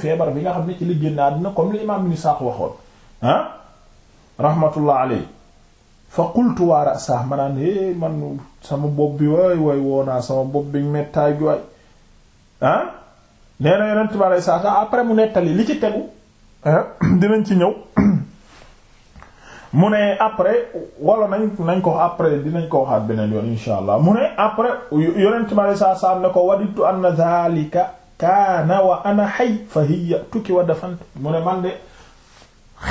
feebar bi nga xam ne ci liggéey naa dina comme li imaam ni saax waxoon ah rahmatullah alay fa qultu waa rasaah ma naan é man sama bopp bi waay waay woonaa sama bopp bi mettaay gi waay ah nee na yonent bi alei satu après mu nettali li ci tegu ci ñëw mu ne après wala nañ nañ ko après dinañ ko waxaat beneen yoon insha allah kaana wa ana xay fa hiya tukki wa dafant mu ne man de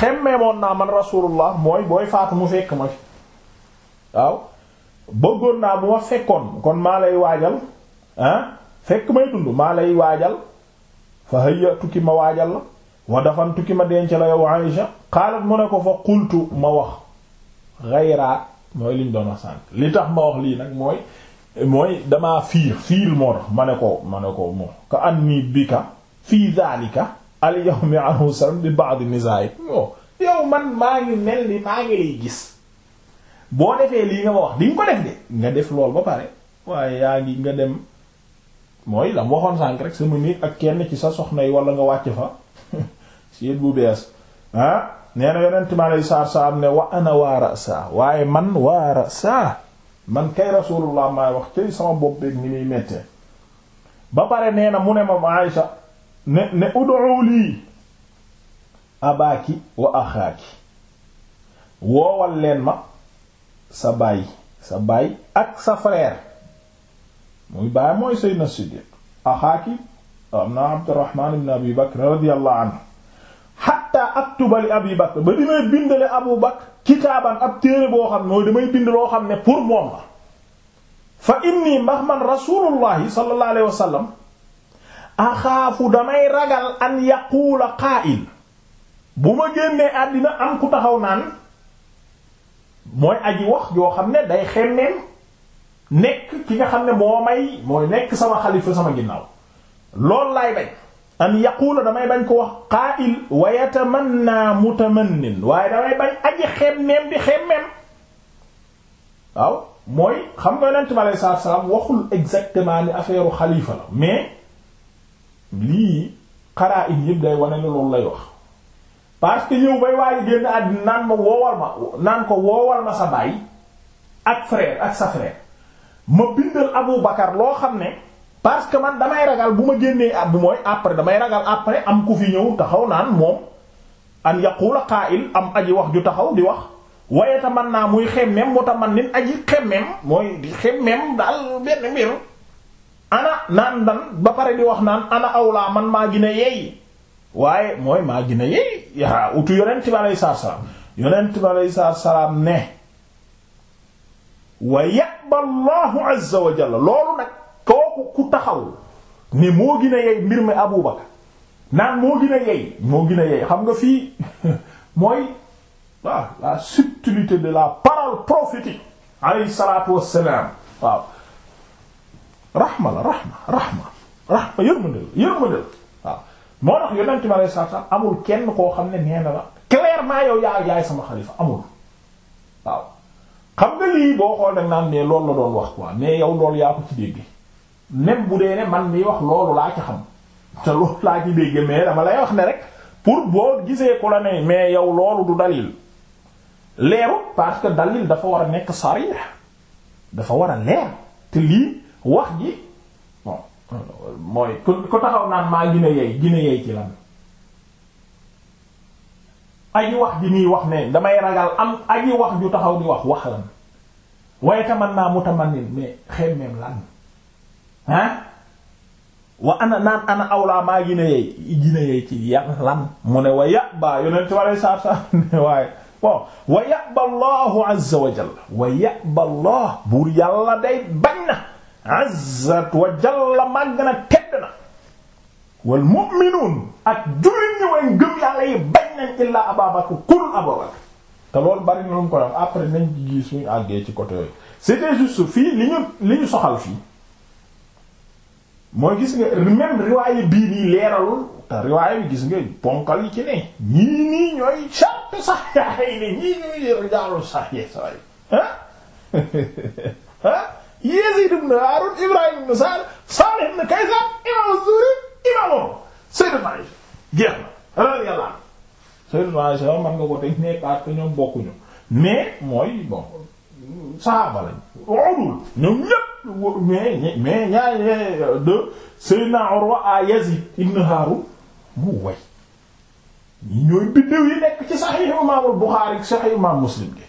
xemmee moon naa man rasulullah mooy booy faatu mu fekk ma fi waaw bëggoon naa bu ma fekkoon kon maa lay waajal ah fekk may dund maa lay waajal fa hiya tukki ma waajal la wa dafan tukki ma denc la yow Aïsha xaalat mu ne ko fa qultu ma wax xayraa mooy liñ doon a sànk li tax ma wax lii nag mooy mooy damaa fiir fiir moo tax ma ne ko ma ne ko moom ka an nii bi ka fii daalika al yawmi anhu salam bi ba'd nisaay o yow man maa ngi mel ni maa ngi lay gis boo defee lii nga ma def de ba pare waaye yaa ngi nga dem mooy la mu waxoon sànq rek sama nit ak kenn ci sa soxna yi wala nga wàcc fa siit bu bees ah nee na yonent ma lay saar saar ne wa ana waara saa waaye man waara saa man kay rasulullah maay wax cay sama bopp beeg ni muy mettee ba pare nee na mu ne ma Aïsha ne ne ud'u lii abaaki wa axaaki woowal leen ma sa baay sa baay ak sa frère muy baay mooy Seydina Siddiq axaaki am na Abdurrahman ibn Abi Bakr radiyallahu anhu hatta aktuba li Abi Bakr ba di may bindale Abu Bakr kitaaban ab téere boo xam mooy damay bind loo xam ne pour moom la fa inni mbax man rasulullahi sallallahu alayhi axaafu damay ragal an yaquula qaa'il bu ma génnee àddina am ku taxaw naan mooy aji wax joo xam ne day xemmeem nekk ki nga xam ne moo may mooy nekk sama xalifa sama ginnaaw lool laay bañ an yaquula damay bañ ko wax qaa'il wa yatamanna mutamannin waaye damay bañ aji xemmeem di xemmeem waaw mooy xam nga yonent bi salaam waxul exactement ni affaire xalifa la mais lii xaraa'in yëpp day wane ne loolu lay wax parce que ñëw bay waaye génn àddina naan ma woowal ma naan ko woowal ma sa baay ak frère ak sa frère ma bindal Abu Bakar loo xam ne parce que man damay ragal bu ma génnee ab mooy après damay ragal après am ku fi ñëw taxaw naan moom an yaqula qaa'il am aji wax ju taxaw di wax waaye ta man naa muy xemmem mu ta man nit aji xemmem mooy di xemmem daal benn mbir ana naan dan ba pare di wax naan ana awlaa man maa gina yeey waaye mooy maa gina yeey yaa utu yonent bi aleyhi salaatu salaam yonent bi aleyhi salaatu salaam ne wa ya'ba Allahu azza wa loolu nag ko ku taxaw ne moo gën yey mbir mi Abu Bakar naan moo gën yey moo gën yey xam nga fii mooy waaw la subtilité de la parole prophétique alayhi salaatu wassalaam waaw rahma la rahma rahma rahma yërmande la yërmande la waaw moo tax yonent bi alayhi salaatu wassalaam amul kenn koo xam ne nee na la clairement yow yaa yaay sama xalifa amul waaw xam nga lii boo xool nag naan ne loolu la doon wax quoi mais yow loolu yaa ko ci dégg même bu dee ne man mi wax loolu laa ci xam te loolu laa ci dégg mais dama lay wax ne rek pour boo gisee ku la ne mais yow loolu du dalil leeru parce que dalil dafa war a nekk sarih dafa war a leer te lii wax ji bon mooy ko taxaw naan maa gina yey gina yey ci lan aji wax ji nii wax ne damay ragal am aji wax ju taxaw di wax wax la lan waaye taman naa mu taman mais xemmeem lan ah wa ana naan ana awlaa maa gina yey gina yey ci yàllan mu ne wa yàba yonent bi alei saatu salaam ne waaye bon wa yàba ba azza wa jalla wa yàba allah buur yàlla day bañ na wa jalla màgg na tedd way ngëm yàlla yi bañ nañ illaa ababakr kun ababakr te loolu bari na mu ko def après nañ gis suñu àggee ci côté yooyu c'était juste fii li ñu li ñu soxal fii mooy gis nga même riwaaye bii nii leeralul te riwaaye bi gis nga ponkal yi ci ne ñii nii ñooy sàrt sax yaay ne ñii ñooy rijaalu sax Ibrahim ibn Sa'd Salih ibn Kaysan imam Zuhri imam Sayyidina Aisha jeex na radiyallahu man nga ko teg ne parce ñoom bokkuñu mais mooy bon saxaaba lañ Udul ñoom ñépp mais mais ñaar de Seydina Urwa à Yazid ibn Harun mu way ñooy biddew yi nekk ci Sahih Imam Bukhari Sahih Imam Muslim gi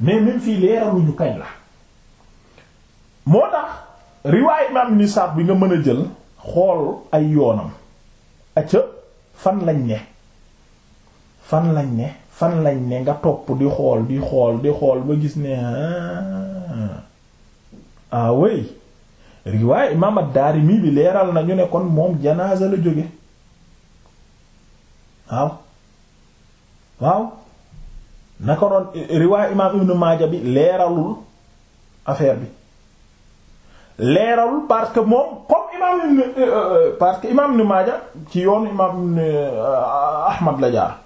mais même fii leeraluñu kañ la moo tax riwaay imam nisar bi nga mën a jël xool ay yoonam acca fan lañ ne fan lañ ne fan lañ ne nga topp di xool di xool di xool ba gis ne ah way ah, riwaay imaam ad-Daarimi bi leeral nañu ne kon moom janaaza la jóge waaw waaw naka noon riwaay imaam Ibn Maaja bi leeralul affaire bi leeralul parce que moom comme imaam euh, euh, parce que imaam Ibn Maaja ci yoon imaam euh, Ahmad la jaar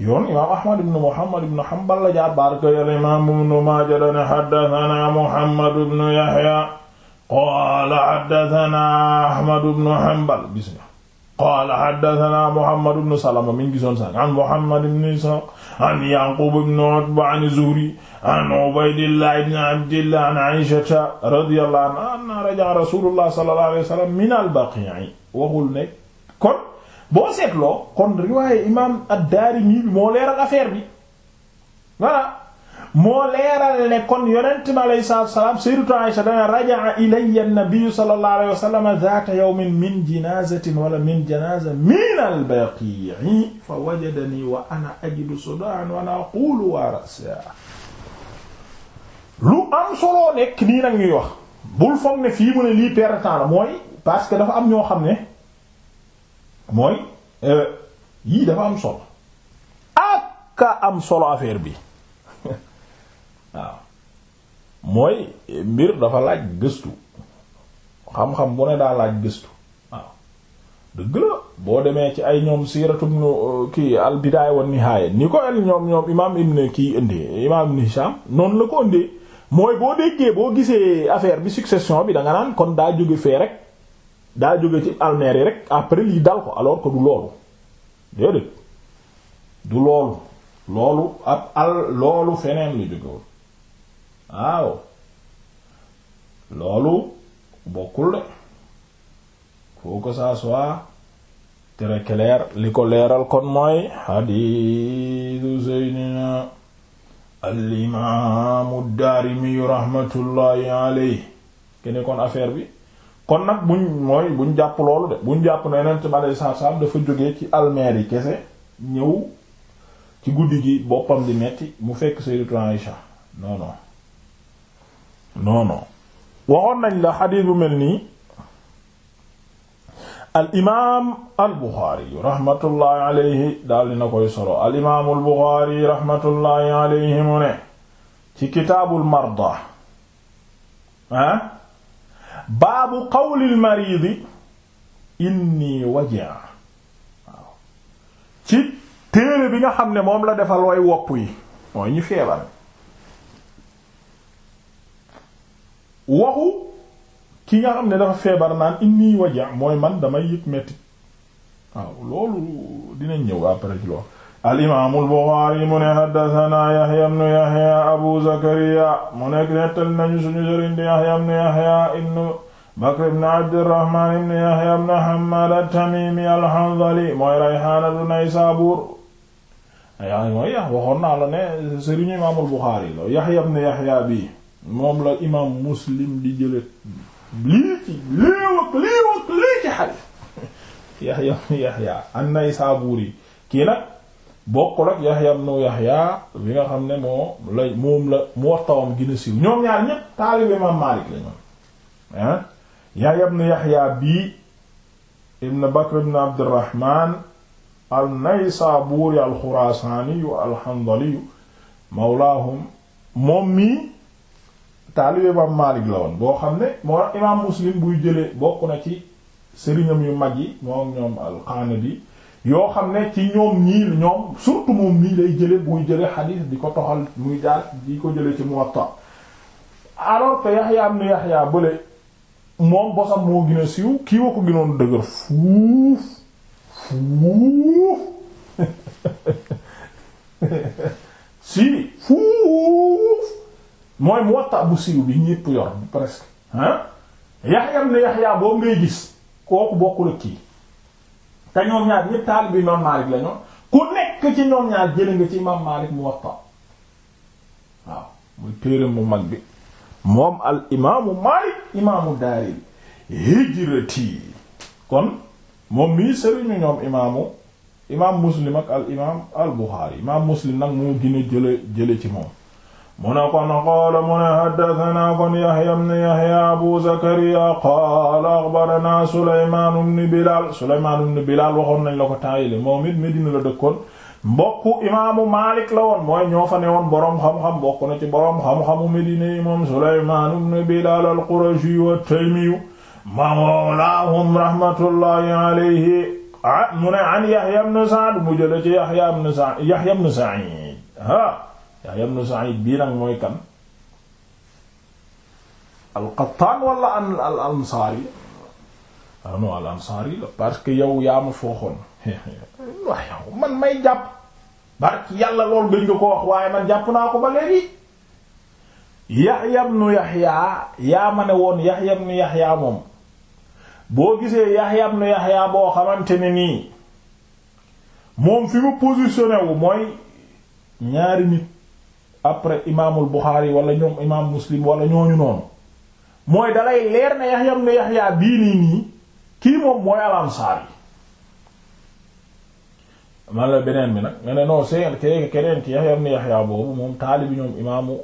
yoon imaam ahmad ibn muhammad ibn hanbal la jaar barka al imaam ibn maaja dane haddathana muhammad ibn yahya qaala haddathana ahmad ibn hanbal gis na qaala haddathana muhammad ibn salama min gisoon sànq an muhammad ibn ishaq an yaqub ibn utba an zuhri an ubaydillah ibn abdillah an aisha radiyallahu anha anna raja'a rasulullah sallallahu alayhi wa sallam min al-baqi'i waxul nekk kon boo seetloo kon riwaaye imaam ad-Daarimi bi moo leeral affaire bi moo leeral ne kon yonent mi alayhi salaatu wa salaam sayyidatu Aisha dana raja'a ilayya an-nabiyyu sallallahu alayhi wa sallam zaata yawmin min jinaazatin wala min janaaza min al-baqi'i fa wajadanii foog ne fii mu ne lii perte temps mooy parce que dafa am ñoo xam ne. mooy euh, yii dafa am solo ak ka am solo affaire bi waaw mooy mbir dafa laaj gëstu xam-xam bu ne daa laaj gëstu waaw dëgg la boo demee ci ay ñoom siiratum nu euh, kii al bidaaya wan nihaaya ni ko el ñoom ñoom imaam ibn kii indi imaam ibn noonu la ko indi mooy boo déggee boo gisee affaire bi succession bi da nga naan kon daa jóge fee rek daa jóge ci almeer rek après lii dal ko alors que du loolu déedéet du loolu loolu ab al loolu feneen lu jógewoon waaw loolu bokkul de faut que ça soit très li ko leeral kon mooy xadiisu seydina al imaamu daarimi rahmatullahi alayhi kene kon affaire bi kon nag buñ mooy buñ jàpp loolu de buñ jàpp ne yonent bi aleyhi dafa jógee ci almeer yi kese ñëw ci guddi gi boppam di metti mu fekk sayyidatu Aïsha non non non non waxoon nañ la xadiis bu mel nii al imaam al Buxaari rahmatullahi alayhi daal dina koy solo al imaam al Buxaari rahmatullahi alayhi mu ne ci kitaabul marda ah baabu qawlil maridi inni waja waaw ci téere bi nga xam ne moom la defal way wopp yi mooy ñu feebar waxu ki nga xam ne dafa feebar naan inni waja mooy man damay yëg metti waaw loolu dinañ ñëw après loolu al-imaam mu ne haddasanaa Yahya ibnu Yahya Abu Zakariya mu nekk nettal nañu suñu sëriñ di Yahya ibnu Yahya ibnu Bakr ibnu Abdirrahmaan ibnu Yahya ibnu Hammaad at-Tamiimi al-Hanzali mooy Rayhaan ibnu Naysaabuur mooy yax waxoon naa la ne sëriñu imaamul Yahya ibnu Yahya bi moom la imaam Muslim di jële lii ci lii wag lii wag lii ci Yahya ibnu Yahya an-Naysaabuuri kii nag bokkul ak Yahya ibn Yahya bi nga xam ne moo lay moom la moo tawam gën a siiw ñoom ñaar ñépp taalibe Imaam Maalik la Yahya ibn Yahya bii ibn Bakr ibn Abdurrahman an-Naysaburi al-Khurasani al-Hanzali mawlaahum moom mii taalibe Imaam Maalik la woon boo xam ne moo Imaam Muslim buy jëlee bokk na ci sëriñam yu mag yi moom ñoom al-Qanabi yoo xam ne ci ñoom ñii ñoom moom mii lay jële buy jële xadiis di ko toxal muy jaar di ko jële ci Muwatta alors que Yaxya ibn Yaxya bële moom bosam moo gën a siiw kii ko gënoon dëgër fuuf fuuf si fuuf mooy Muwatta bu siiw bi ñépp yor presque ah Yaxya ibn Yaxya boo ngay gis kooku bokkul ak kii te ñoom ñaar ñépp taalibe imaam Maalik la ku nekk ci ñoom ñaar jële nga ci imaam Maalik Muwatta waaw muy téere mu mag bi moom al imaamu Maalik imaamu daaril hijrati kon moom mii sëriñu ñoom imaamu imaam Muslim ak al imaam al Buxaari imaam Muslim nag moo gën jële jële ci moom mu ne kon qaala mu ne haddasanaa kon Yahya ibn Yahya Abu Zakariya qaala axbaranaa Sulaymaan ibn Bilaal Sulaymaan ibn Bilaal waxoon nañ la ko taayile moom it Medina la dëkkoon mbokku imaamu Maalik la woon mooy ñoo fa ne woon boroom xam-xam bokk na ci boroom xam-xamu Medina yi moom Sulaymaan ibn Bilaal al-Qurashi wat-Taymi mawlaahum rahmatullahi alayhi ah, mu ne an Yahya ibn Sa'd mu jële ci Yahya ibn Sa'd Yahya ibn Sa'id ha Yahya ibn Sa'id bii nag mooy kan al-Qattaan wala al ansaari ansaari ah, parce que yow yaa ma fooxoon waaye yow man may jàpp barki yàlla lool gëj nga ko wax waaye man jàpp naa ko ba léegi Yahya ibn Yahya yaa ma ne woon Yahya ibn Yahya moom boo gisee Yahya ibn Yahya boo xamante ne nii moom fi mu positionné mooy ñaari nit après imaamul Buxaari wala ñoom imaam Muslim wala ñooñu noonu mooy dalay leer ne Yaxya bii nii nii kii moom mooy al-Ansaari man la beneen bi nag nga seen ke keneen ki Yaxya ibn Yaxya boobu moom taalibi imaamu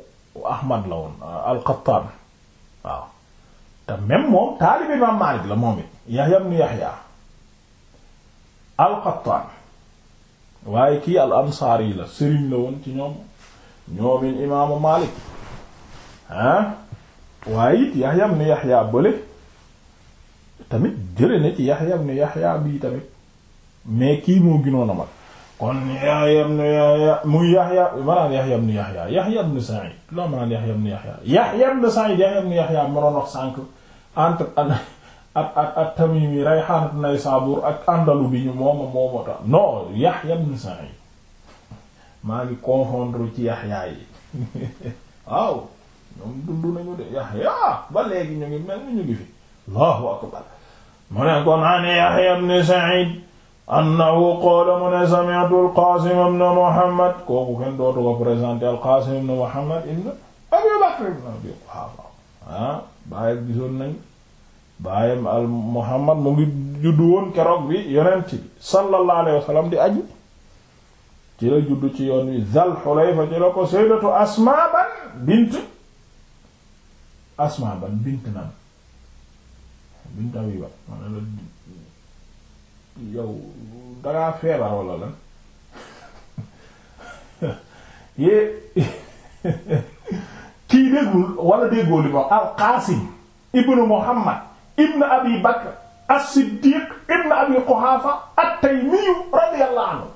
Ahmad la woon euh, al-Qattaan waaw te moom taalibi imaam Maalik la moom it Yaxya ibn al-Qattaan waaye kii al-Ansaari la sëriñ la woon ci ñoom ñoomin imaamu Maalik ah waaye it Yahya ibn Yahya bële tamit jële tamit mais kii moo ginoon a mag kon Yahya ibn Yahya muy Yahya maanaam Yahya ibn Yahya Yahya ibn Sa'id loo maanaam Yahya ibn Yahya Yahya ibn Sa'id Yahya ibn Yahya ma doon wax sànq entre ak ak ak Tamimi Rayhan ibn Naysabur ak àndalu bi ñu mooma mooma ta non Yahya ibn Sa'id maa ngi confondre ci yaxyaa waaw ñoom dund nañu de yaxyaa ba léegi ñu ngi mel ni ñu ngi fi allahu akbar mu ne kon ani yaxya ibn sa'id annahu qaala mu ne sami'tu al-qasim muhammad kooku kenn dootu ko présenté al-qasim ibn muhammad ibn abi bakr ibn abi quhafa ah bàyyi gisoon nañ bàyyam al muhammad mu ngi juddu woon keroog bi yonent bi sallallahu alayhi wa di aju ci la juddu ci yoon wi Zal Xulayfa ci la ko sayyidatu Asmaa ban bint Asmaa ban bint naan bint Abi Bakr ma ne la walla lan yee kii déggul walla déggoo li ma al Qaasim ibnu Muhammad ibnu Abi Bakr as-Siddiq ibnu Abi Quhaafa at-Taymi radiyallahu anhu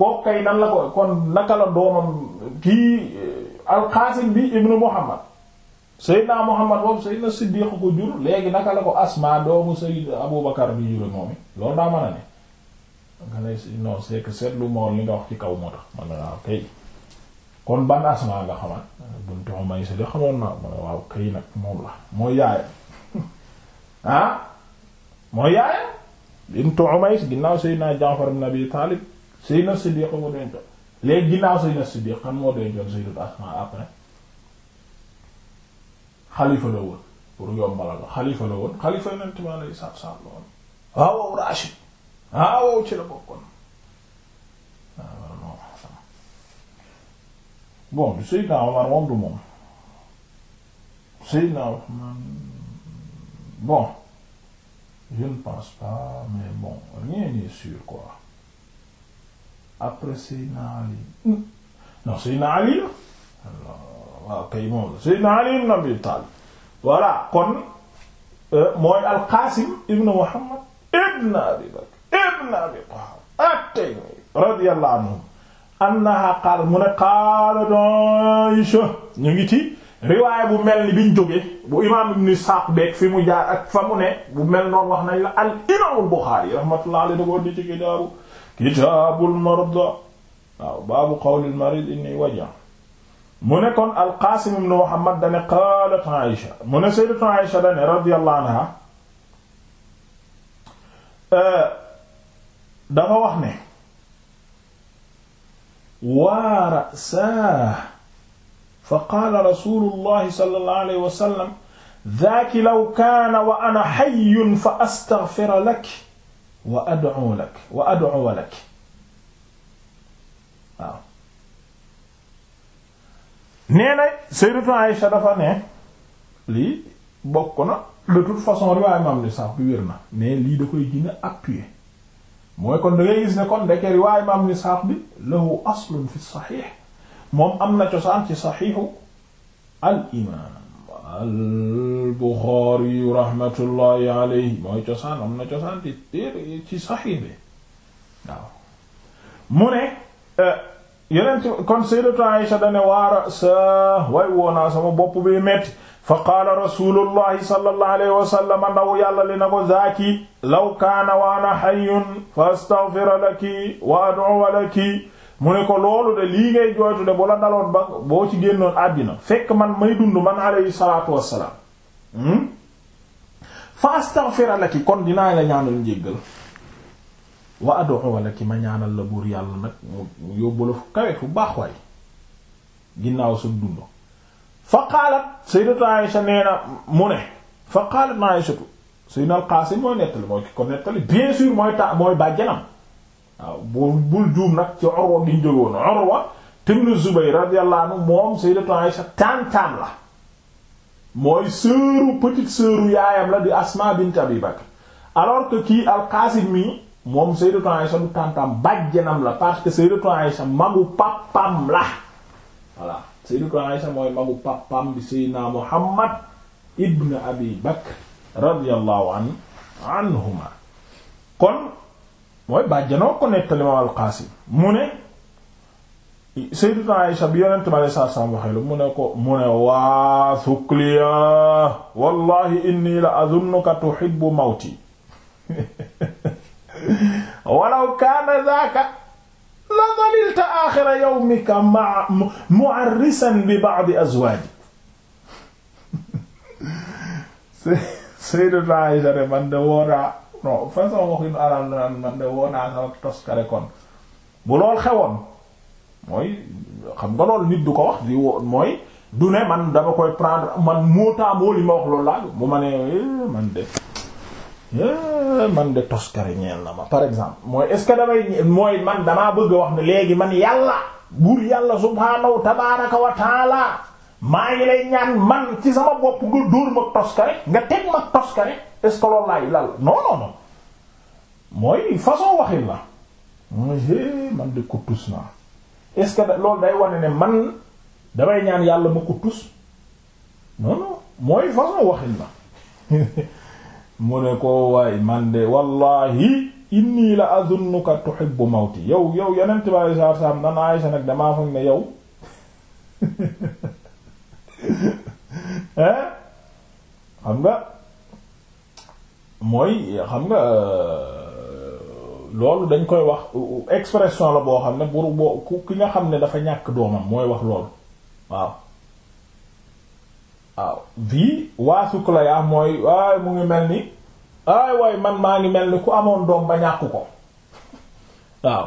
kooku kay nan la ko kon naka la doomam kii eh, alqaasim bi ibnu muhammad seydina muhammad boobu seydina siddiq ko jur léegi naka la ko asma doomu seyd abubakar bi jure moom it loolu daa mën a ne nga ne non c'est que wax ci kaw moo tax la waaw kay kon ban naa man la waaw ah? Taalib Seydina Siddiq ko dencoon léegi ginnaaw Seydina Siddiq kan moo dencoon Sayyidatu Asma après xalifa la woon pour yombalal la xalifa la woon xalifa Yonent bi alayhi salaatu wa salaam la woon ah, waaw Rashid ah, waaw ci la bokkoon ah, bon du Seydina Omar moom du bon je ne pense mais bon rien n'est sûr quoi après Seydina Ali hmm. ndax Seydina Ali la waaw kay moom la Seydina Ali ibn Abi Talib voilà kon euh, mooy al-Qasim ibn Muhammad ibn Abi Bakr ibn Abi Quhafa at-Taymi radiyallahu anhum annaha qaal mu ne qaalat Aisha ñu ngi ci riwaay bu mel ni biñ jógee bu imaam ibn Isaaq beeg fi mu jaar ak fa mu ne bu mel noonu wax nañ la al imaamul Buxaari rahmatullahi alayhi da ko di ci gidaaru kitaabul marda waaw baabu qawlil marid inni waja mu ne kon alqaasim ibn muhammad dane qaalat aïsha mu ne sayyidatu aïsha dane radiyallahu anha euh, dafa wax ne waa rasaa fa qaala rasulullahi sallallahu alayhi wa sallam dhaaki law kaana wa ana hayyun fa astaghfira laki wa ad'u wa ad'u lak waaw nee na Sayyidatu Aïsha dafa ne lii bokk na de toute façon riwaay imam ni sax bi wér na mais lii da koy gën a mooy kon da gis ne kon ndeke riwaay imam ni sax bi lahu aslun fi saxiix moom am na cosaan ci saxiixu al al-Buxaari rahmatullahi alayhi mooy cosaan am na cosaan di téere ci saxiix bi waaw mu ne euh, yeneen kon sayyidatu Aysha dane waara sa way woonaa sama bopp bi metti fa qaala rasulullahi sallallahu alayhi wa sallam ndaw yàlla li na ko zaaki law kaana wa ana hayyun fa astaghfira laki wa ad'u laki mu ne ko loolu de lii ngay jooytu de bu la daloon ba boo ci génnoon àddina fekk man may dund man alayhi salaatu wassalaam hmm? fa astaghfira laki kon dinaa la ñaanal njéggal wa ad'u laki ma ñaanal la buur yàlla nag mu yóbbu la fu kawe fu baax waay ginnaaw sa dund fa qaalat sayyidatu Aisha nee na mu ne fa qaalat Aisha sayyidina al Qaasim mooy nettali mooy ki ko nettali bien sûr mooy ta mooy bàjjanam waaw bul bul nag ci Urwa gi ñu jógoon Urwa ibn Zubayr radiyallahu anhu moom sayyidatu Aisha tantam la mooy sœuru petite sœuru yaayam la di Asma bint Abi Bakr alors que kii al-Qasim mi moom sayyidatu Aisha du tantam bàjjanam la parce que sayyidatu Aisha magu papam la voilà sayyidatu Aisha mooy magu papam bi sayyidina Muhammad ibn Abi Bakr radiyallahu anhu anhuma kon mooy bàjjanoo ko nettali ma alqaasim mu ne sayyidatu Aisha bi yonent bi alei satu salaam waxee lu mu ne ko mu ne waa sukliya wallahi inni la azunnuka tuhibbu mawti walaw kaana zaaka la dalilta aaxira yawmika ma mu'arrisan bi ba'di azwaaji sayyidatu Aisha man de wooraa non façon waxin alal na man de woo naa sama toskare kon bu lool xewoon mooy xam nga loolu nit du ko wax di woo mooy du ne man dama koy prendre man mootamoo li ma wax loolu laaj bu ma nee eh, man de eh, man de toskare ñeel na ma par exemple mooy est damay mooy man damaa bëgg wax ne léegi man yàlla buur yàlla subhaanahu tabaaraka wa maa ngi lay ñaan man ci sama bopp nga dóor ma toskare nga teg ma toskare est ce que loolu laay lal non mooy façon waxin la eh, man de ko tus naa est day wane ne man damay ñaan yàlla ma ko tus non non mooy façon waxin la mu ne ko waay man de wallahi inni la azunnuka tuhibbu mawti yow yow yeneen tubaab yi saa saa am nan Aysa nag damaa foog ne yow. xam nga mooy xam nga euh, loolu dañ koy wax expression la boo xam ne bur boo ki nga xam ne dafa ñàkk doomam mooy wax loolu waaw waaw vii waa la yaa mooy waay mu ngi mel ni aay waay man maa ngi mel ni ku amoon doom ba ñàkk ko waaw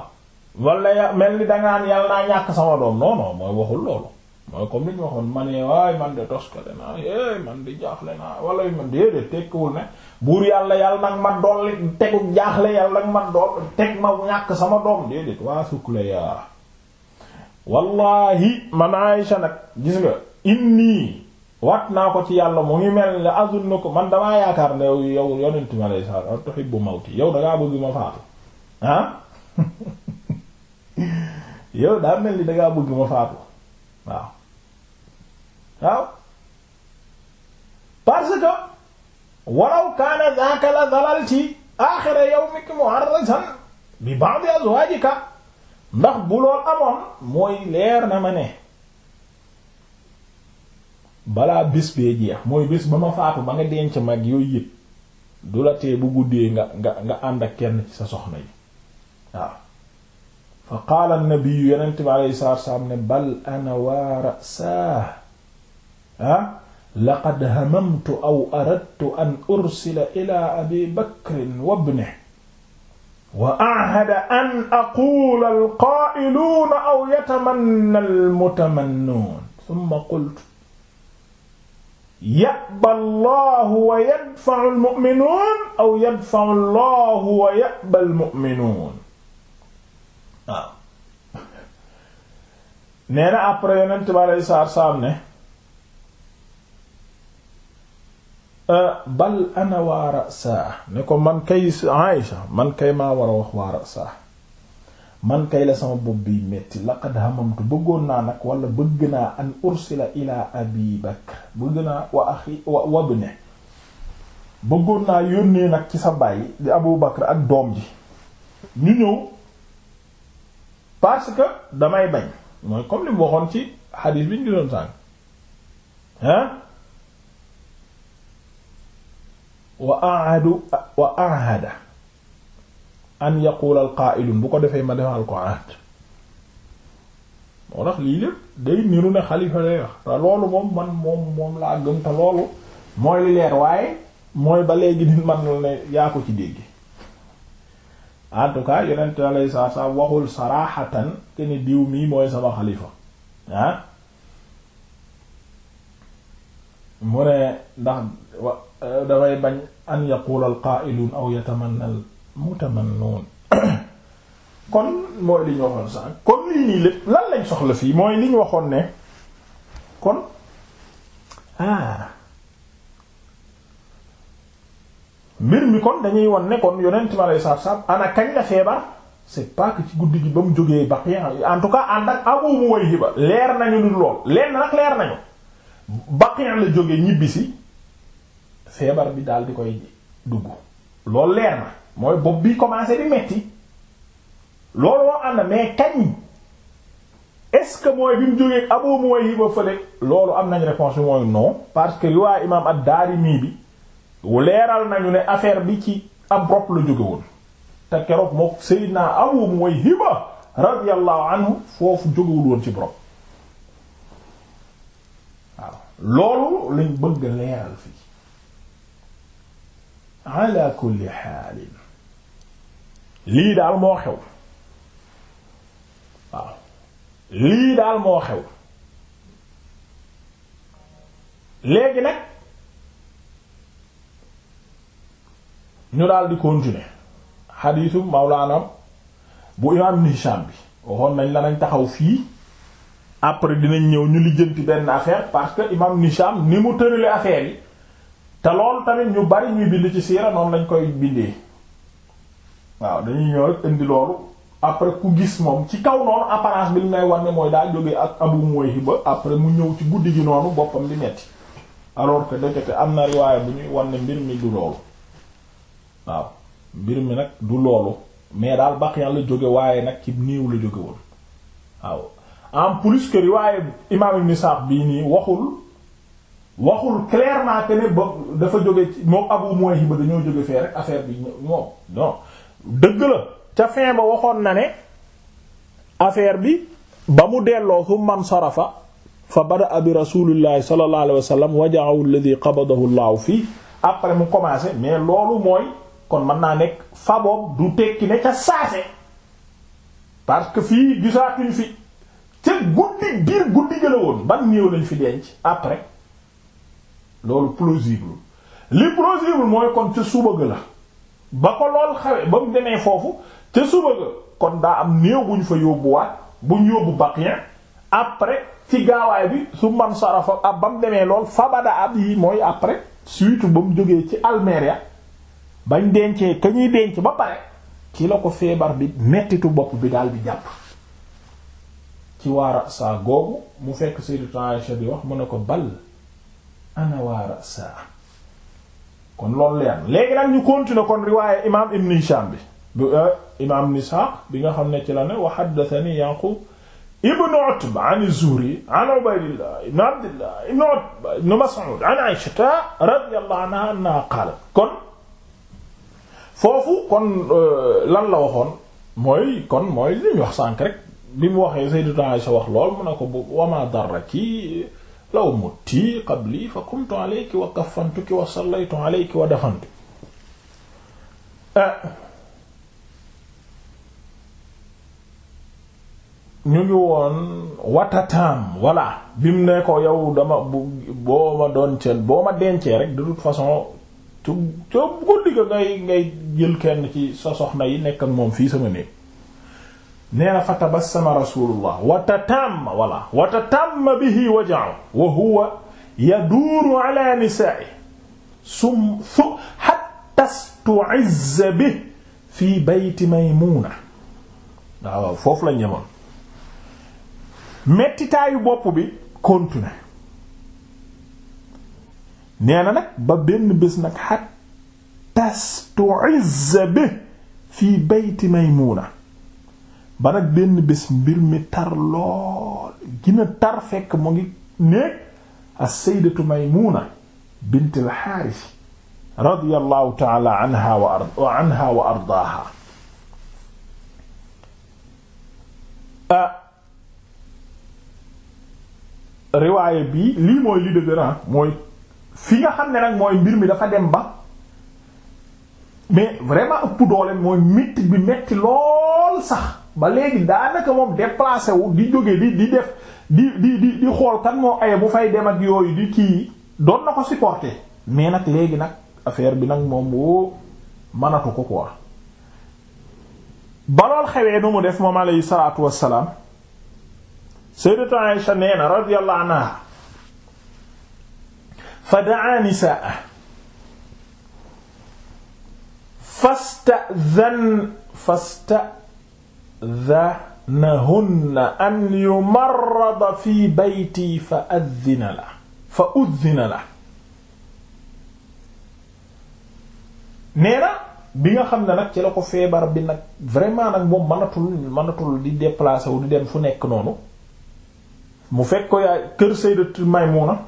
walla mel ni dangaan yàlla naa ñàkk sama doom non non mooy waxul loolu mooy comme li ñu waxoon man waaye man de toskale naa é man di jaaxle naa wala man déedéet tekkiwul ne buur yàlla yàlla nag ma dolli tegu jaaxle yàlla nag ma dool teg ma ñàkk sama doom déedéet waa sukkle yaa wallahi man Aïsha nag gis nga inni wat naa ko ci yàlla mu ngi mel ne azul na ko man damaa yaakaar ne yow yonentu mi alei salam tuhibbu mawti yow dangaa bëgg ma faatu ah yow daa mel ni dangaa bëgg ma faatu waaw waaw parce que waraw kaana zaaka la zalalti aaxira yawmika muharrazan bi ba'di azwaajika ndax bu lool amoon mooy leer na ma ne balaa bis bee jeex mooy bis ba ma faatu ba nga denc mag yooyu yëpp du la tee bu guddee nga nga nga ànd ak kenn ci sa soxna yi waaw fa qaala an ana waa ra'saah ah laqad hamamtu aw aradtu an ursila ila abi bakrin wa ibnihi wa ahada an aqula alqaa'iluuna aw yatamanna almutamannuun summa qultu ya'ba allahu wa yadfa'u almu'minuun aw yadfa'u allahu wa ya'ba almu'minuun waaw ah. nee na après yonent bi alayhi salaatu wa salaam ne Euh, bal ana waa rasa ne ko man kay Aïsha maa war a wax waa rasa man kay la sama bopp biy metti laqad hamamtu bëggoon naa nag wala bëgg naa an ursila ila abi bakr bëgg naa wa axi wa wabne bëggoon naa yónnee nag ci sa bàyyi di abu bakr ak doom ji ñu ñëw parce que damay bañ mooy comme li mu ci xadiis bi ñu doon sànq ah wa ahadu wa ahada an yaqula al bu ko defee ma defal ko ahd moo tax lii lépp day niru ne xalifa lay te loolu moom man moom moom laa gëm te loolu mooy leer waaye mooy ba léegi nit man la yaa ko ci dégg en tout cas yonent alay saa saa waxul saraxatan te ne diw mii mooy sama xalifa ah? mu ne ndax Euh, dafay bañ an yaqula al qa'ilun aw yatamanna al mutamannun kon mooy li waxoon sax kon lii nii lépp lan lañ soxla fii mooy li waxoon ne kon ah, mbir mi kon dañuy wan ne kon yonent ma lay saab-saab ana kañ la feebar c'est pas ci guddi gi ba mu jógee Baqiya en tout cas ànd ak Abu leer nañu ni lool na nag leer nañu Baqiya la jóge ñibbisi feebar bi daal di koy dugg loolu leer na mooy bopp bi commencé di metti loolu moo am na mais kañ est-ce que mooy bi mu jógee Abu Muwayhiba fële loolu am nañ réponse bi mooy non parce que riwaayu imaam ad-Daarimi bi leeral nañu ne affaire bi ci ab rob la jóge woon te keroog mook Seydina Abu Muwayhiba radiyallahu anhu foofu jógewul woon ci rob waaw loolu lañ bëgg leeral fii ala kulli xaalin lii daal moo xew waaw lii daal moo xew léegi nag ñu daal di continuer xadiisu mawlaana bu imaam Ibn bi waxoon nañ la nañ taxaw fii après dinañ ñëw ñu lijjanti benn affaire parce que imaam Ibn ni mu tërale affaire yi te lool tamit ñu bari ñuy bind ci siira noonu lañ koy bindee waaw dañuy ñëw indi loolu après ku gis moom ci kaw noonu apparence bi li ngay war mooy daa jógee ak Abu Muwayhiba après mu ñëw ci guddi gi noonu boppam di metti alors que dëkk am na riwaaya bu ñuy war ne mbir mi du loolu waaw mbir mi nag du loolu mais daal Baqiya la jóge waaye nag ci niiw la jóge woon waaw en plus que riwaaya imaam Ibn bii nii waxul. waxul clairement que ne ba dafa jóge moom Abu Muwayhiba dañoo jóge fee rek affaire bi moom non dëgg la ca fin ba waxoon na ne affaire bi ba mu delloo summa nsarafa fa bada'a bi rasulillahi sallallahu alayhi wa sallam waja'ahu alladhi qabadahu Allahu fii après mu commencé mais loolu mooy kon mën naa nekk fa boobu du tekki ne ca saase parce que fii gisaatuñ fi ca guddi biir guddi gëla woon ban néew lañ fi denc après loolu plausible li plausible mooy kon ca suba ga la ba ko lool xawe ba mu demee foofu ca suba ga kon daa am néew bu ñu fa yóbbuwaat bu ñu yóbbu Baqien après ci gaawaay bi su man sarafa ab ah, ba mu demee lool fabada ab yi mooy après surtout ba mu jógee ci Almeria bañ dencee ka ñuy denc ba pare ki la ko feebar bi mettitu bopp bi daal bi jàpp ci waara saa googu mu fekk Sayyidatu Aisha bi wax mu ne ko bal ana waa rasa kon loolu leer léegi nag ñu continuer kon riwaaye imaam ibn Hisham bi eh, imaam ibn Ishaq bi nga xam ne ci la ne wa haddathani Yaqub ibn Utba an Zuhri an Ubaydillah ibn Abdillah ibn Utba ibn Mas'ud an Aysha radiyallahu kon foofu kon eh, lan la waxoon mooy kon mooy li ñu wax sànk bi mu waxee Sayyidatu Aysha wax lool mu ne ko bu wa ma darraki law mutti qabli fa qumtu alayki wa kaffantuki wa sallaytu alayki wa dafantu ah. ñu ngi woon watataam voilà bi mu ne ko yow dama bu boo ma doon ceen boo ma dencee rek de toute façon cu co bu digg ngay ngay jël kenn ci sa soxna yi nekk ak moom fii sama néeg nee na fa tabassama rasulullah wa tatamma wala wa tatamma bihi waja'u wa huwa yaduuru ala nisaa'i sum su hatta stu'izza bihi fi bayti Maymuna waaw foofu la ñemoon mettitaayu bopp bi continue nee na nag ba benn bés nag hatta stu'izza bihi fi bayti Maymuna ba nag benn bés mbir mi tar lool gina tar fekk mu ngi néeg as-sayyidatu Maymuna bint al-Haaris radiyallahu ta'ala anha wa anha wa ardaaha bi lii mooy li dëgëran ah, mooy fi nga xam ne nag mooy mbir mi dafa dem ba mais vraiment ëpp doole mooy metti bi metti lool sax ba léegi daanaka moom déplacé wu di jóge di di def di di di xool kan moo aye bu fay dem ak yooyu di kii doon na ko supporter mais nag léegi nag affaire bi nag moom woo mënatu ko quoi xewee nu mu def moom alayhi salaatu wassalaam sayyidatu Aisha nee na radiyallahu anha fa daa nisaa fastazan fasta dhanahunna an yumarrada fi bayti fa addina la fa uddina la nee na bi nga xam ne nag ci la ko feebar bi nag vraiment nag moom mënatul mënatul di déplacer wu di dem fu nekk noonu mu fekk ko yaay kër sayyidatu Maymuna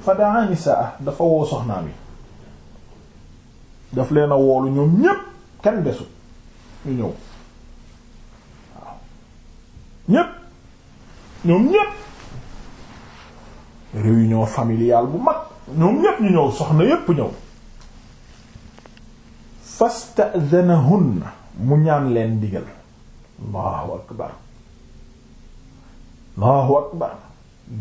fa daa nisaa dafa woo soxnaam yi daf leen woolu ñoom ñépp kenn desu ñu ñëw ñépp ñoom ñépp réunion familiale bu mag ñoom ñépp ñu ñëw soxna yépp ñëw fastadanahunna mu ñaan leen digal allahu akbar allahu akbar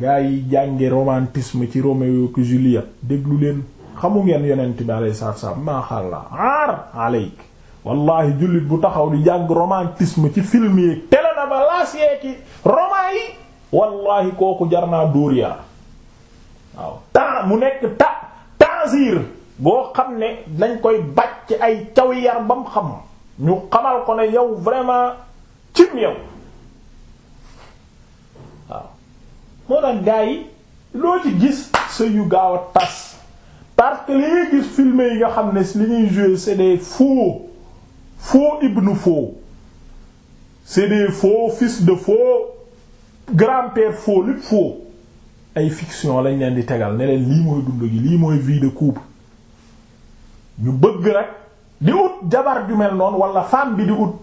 gaa yi jànge romantisme ci Roméo ak Juliette déglu leen xamu ngeen yonent bi alayhi salaatu salaam maaxàllaa aar aleyk wallahi jullit bu taxaw di jàng romantisme ci film yi Caravallaciens ki romains yi wallahi kooku jar naa dóor yara waaw temps mu nekk ta tanzir boo xam ne dañ koy bàcc ay caw yar ba mu xam ñu xamal ko ne yow vraiment cim yow waaw moo tax gaa yi loo ci gis sëy yu gaaw a tas parce que li ngay gis filmé yi nga xam ne li ñuy jouer c'est des faux faux ibnu c'est des faux fils de faux grand-père faux lépp faux ay fiction lañ leen di tegal ne leen lii mooy dund gi lii mooy vie de couple ñu bëgg rek di ut jabar ju mel noonu wala femme bi di ut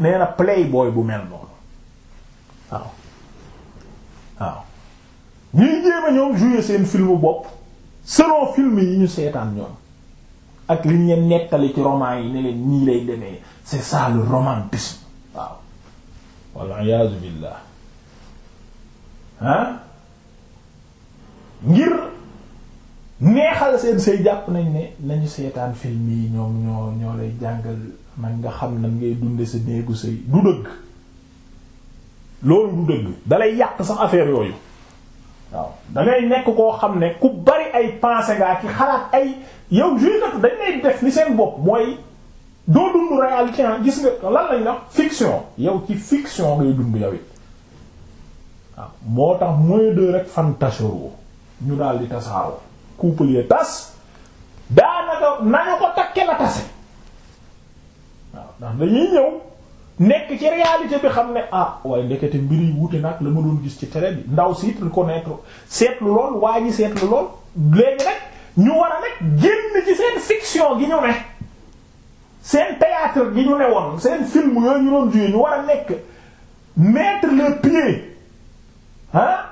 nee playboy bu mel noonu waaw waaw ñuy jéem ñoom jouer seen film bopp selon film yi ñu seetaan ñoom ak liñ ñu nettali ci roman yi ne leen lay demee c'est ça le romantisme waaw wal iyaazu billah ah ngir neexal seen say jàpp nañ ne nañu seetaan film yi ñoom ñoo ñoo lay jàngal man nga xam nan ngay dunde sa néegu sëy du dëgg loolu du dëgg dalay yàq sax affaire yooyu waaw dangay nekk koo xam ne ku bari ay pensées nga ki xalaat ay yow juy dañ lay def ni seen bopp mooy doo dund réalité gis nga lan lañ la fiction yow ci fiction ngay dund yow waaw ah, moo tax mooy de rek fan tasoro ñu daal di tasaaroo couple yi tas daanaka nañu ko takke la tase waaw ah, ndax dañuy ñëw nekk ci réalité bi xam ne ah waaye ndekete mbir yi wuute nag la ma doon gis ci télé bi ndaw si it reconnaître seetlu lool waa ñi seetlu lool léegi nag ñu war a nag génn ci seen fiction gi ñu ne. seen théâtre gi ñu newoon seen film yooyu ñu doon jouer ñu war a nekk mettre le pied ah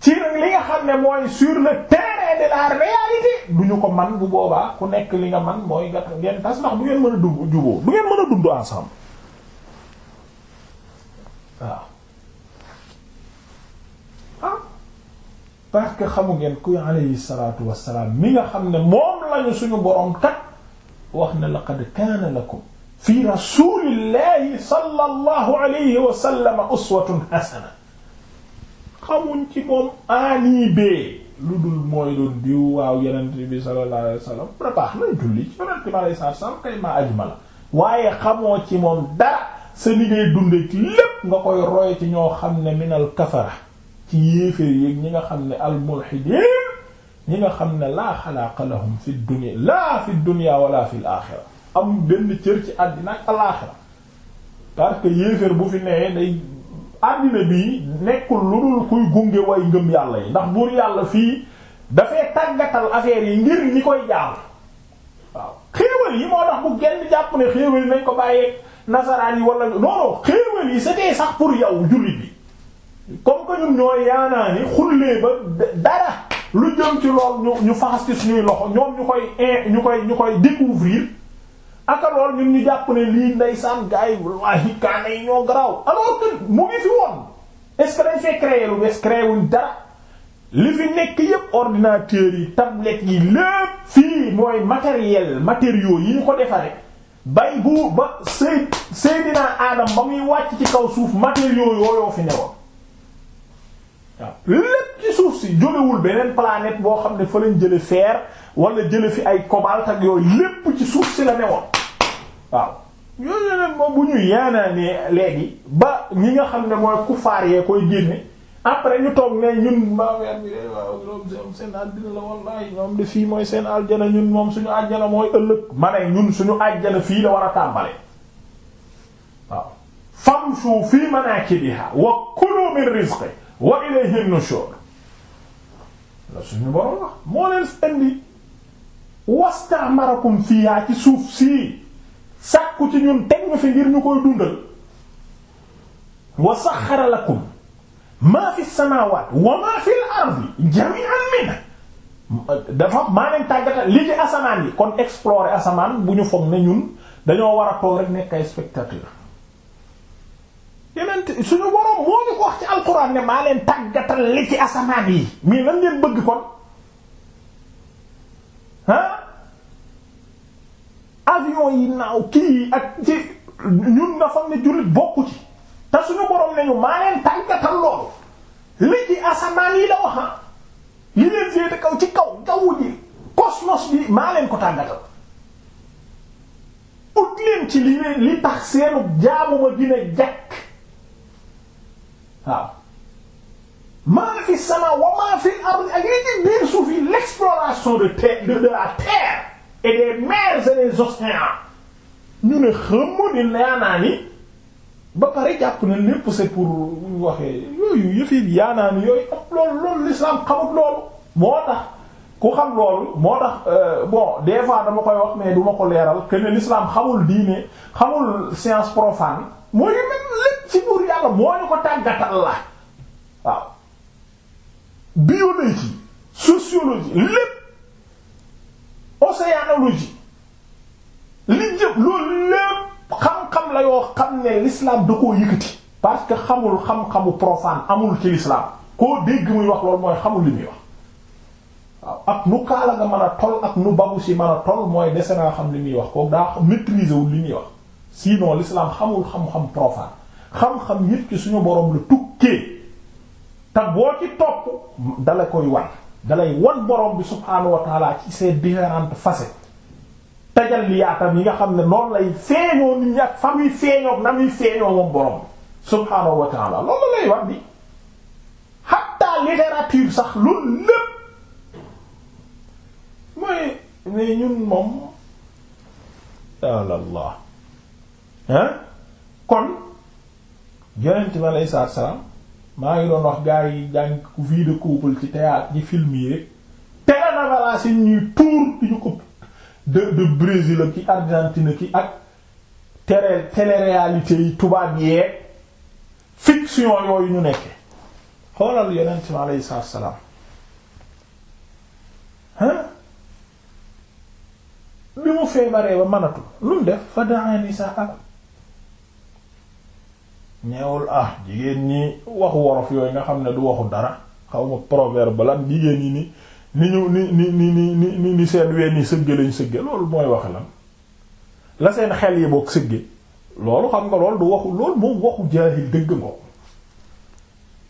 ci li nga xam ne mooy sur le terrain de la réalité du ñu ko man bu boobaa ku nekk li nga man mooy nga ngeen tas ndax du ngeen mën a dund juboo bu ngeen mën a dund ensemble waaw ah que xamu ngeen kuy alayhi salaatu wassalaam mi nga xam ne moom lañu suñu borom kat wax na laqad kaana lakum fi rasulillahi sallallahu alayhi wa sallam uswatun hasana xamuñ ci moom aanibee lu dul mooy doon diw waaw yonent bi sallallahu alayhi wa sallam bu baax na julli ci yonent bi alayhi salaam kay ma ajmala waaye xamoo ci moom dara sa ni ngay dundee ci lépp nga koy roy ci ñoo xam ne minal kafara ci yéeféer yéeg ñi nga xam ne al mulhidiin ñi nga xam ne laa xalaaqa lahum fi dunya laa fi dunya wala fi alaaxira am benn cër ci àddina ak alaaxira parce que yéeféer bu fi nee day àddina bi nekkul lu dul kuy gunge way ngëm yàlla yi ndax buur yàlla fii dafay tàggatal affaire yi ngir ñi koy jaam waaw xéewal yi moo tax bu genn jàpp ne xéewal nañ ko bàyyeeg nasaraan yi wala non non xéewal yi c'était sax pour yow jullit bi comme que ñun ñooy yaanaani xullee ba dara lu jëm ci lool ñu ñu faxas ci suñuy loxo ñoom ñu koy ñu koy ñu koy découvrir aka lool ñun ñu jàpp ne lii ndeysaan gars yi wallahi kaana yi ñoo garaaw alors que mu ngi fi woon est-ce que dañ fee créer lu dara li fi nekk yépp ordinateur yi tablettes yi lépp fii mooy matériel matériaux yi ñu ko defaree bay bu ba Seydina Adam ba muy wàcc ci kaw suuf matériaux yooyoo fi newoon waaw lépp ci suuf si jógewul beneen planète boo xam ne fa lañ jële fer wala jële fi ay cobalt ak yooyu lépp ci suuf si la newoon waaw yooyu ne moom bu ñu yaanaanee léegi ba ñi nga xam ne mooy kufaar yee koy génne après ñu toog ne ñun mbaa weer bi waaw seen àddina la wallahi ñoom de fii mooy seen àjjana ñun moom suñu àjjana mooy ëllëg ma ne ñun suñu àjjana fii la war a tàmbalee waaw famshu fi manakibiha wa kulu min rizqi wa ilayhi nushur la suñu borom wax moo leen indi wastamarakum fiyaa ci suuf sii sàkku ci ñun teg ñu fi ngir ñu koy dundal wa saxara lakum maa fi samaawaat wa maa fi al-ardi jami'an minhu dafa maa leen tàggata li ci asamaan yi kon explorer asamaan bu ñu foog ne ñun dañoo war a toog rek nekk ay spectateur yeneen suñu boroom moo ñu ko wax ci alxuraan ne maa leen li ci asamaan yi mais lan ngeen bëgg kon ah avion yi naaw kii ak ci ñun nga xam ne jullit bokku ci suñu boroom ne ñu maa leen loolu li ci asamaan yi la wax ah. li leen féete kaw ci kaw jaww ji cosmos bi maa ko tàggatal ut leen ci li leen tax seenu jaamu ma gën a waaw maa fi sama wa maa fi ard ak li ci biir suuf l'exploration de terre de la terre et des mers et des océans ñu ne xam ni yaanaa ni ba pare jàpp na lépp c'est pour ñu waxee yooyu yëfi yaanaa yooyu ak loolu loolu l'islam xamut loolu moo tax ku xam loolu moo tax euh, bon des fois dama koy wax mais du ma ko leeral que ne l'islam xamul diine xamul science profane mooy même lépp ci buur yàlla moo ñu ko tàggatal la waaw biologie sociologie lépp océanologie li jëpp loolu lépp xam-xam la yoo xam ne l'islam da koo yëkkati parce que xamul xam-xamu profane amul ci l'islam koo dégg muy wax loolu mooy xamul li muy wax waaw ak nu kaala nga mën a toll ak nu babu si mën a toll mooy dese naa xam li muy wax kooku daa maîtriser li muy wax sinon l'islam xamul xam-xam profane xam-xam yépp ci suñu borom la tukkee te boo ci topp dala koy wan dalay wan borom bi subhaanahu wa taala ci ses différentes facettes tajalliyaatam yi nga xam ne noonu lay feeñoo nit ñi fa muy feeñoo na muy feeñoo moom borom bi subhaanahu loolu lay wan bi hatta littérature sax loolu lépp mooy ne ñun moom yàlla hein kon yonent bi aleyhi salaatu salaam maa ngi doon wax gars yi jàng vie de couple ci théâtre ci film yi rek télénovela si ñuy tuur di ñu ko de de Brésil ak ci Argentine ki ak télé télé-réalité yi tubaab yee fiction yooyu ñu nekke xoolal yonent bi aleyhi salaatu salaam ah bi mu feebaree ba mënatu lu mu def fa daa nisaa ñeewul ah jigéen ñi waxu worof yooyu nga xam ne du waxu dara xaw ma proverbe bala jigéen ñi ni ni ñu ni ni ni ni ni ni seen yi sëgge lañu sëgge loolu mooy wax lan la seen xel yi boog sëgge loolu xam nga loolu du waxu loolu moom waxu jaahil dëgg nga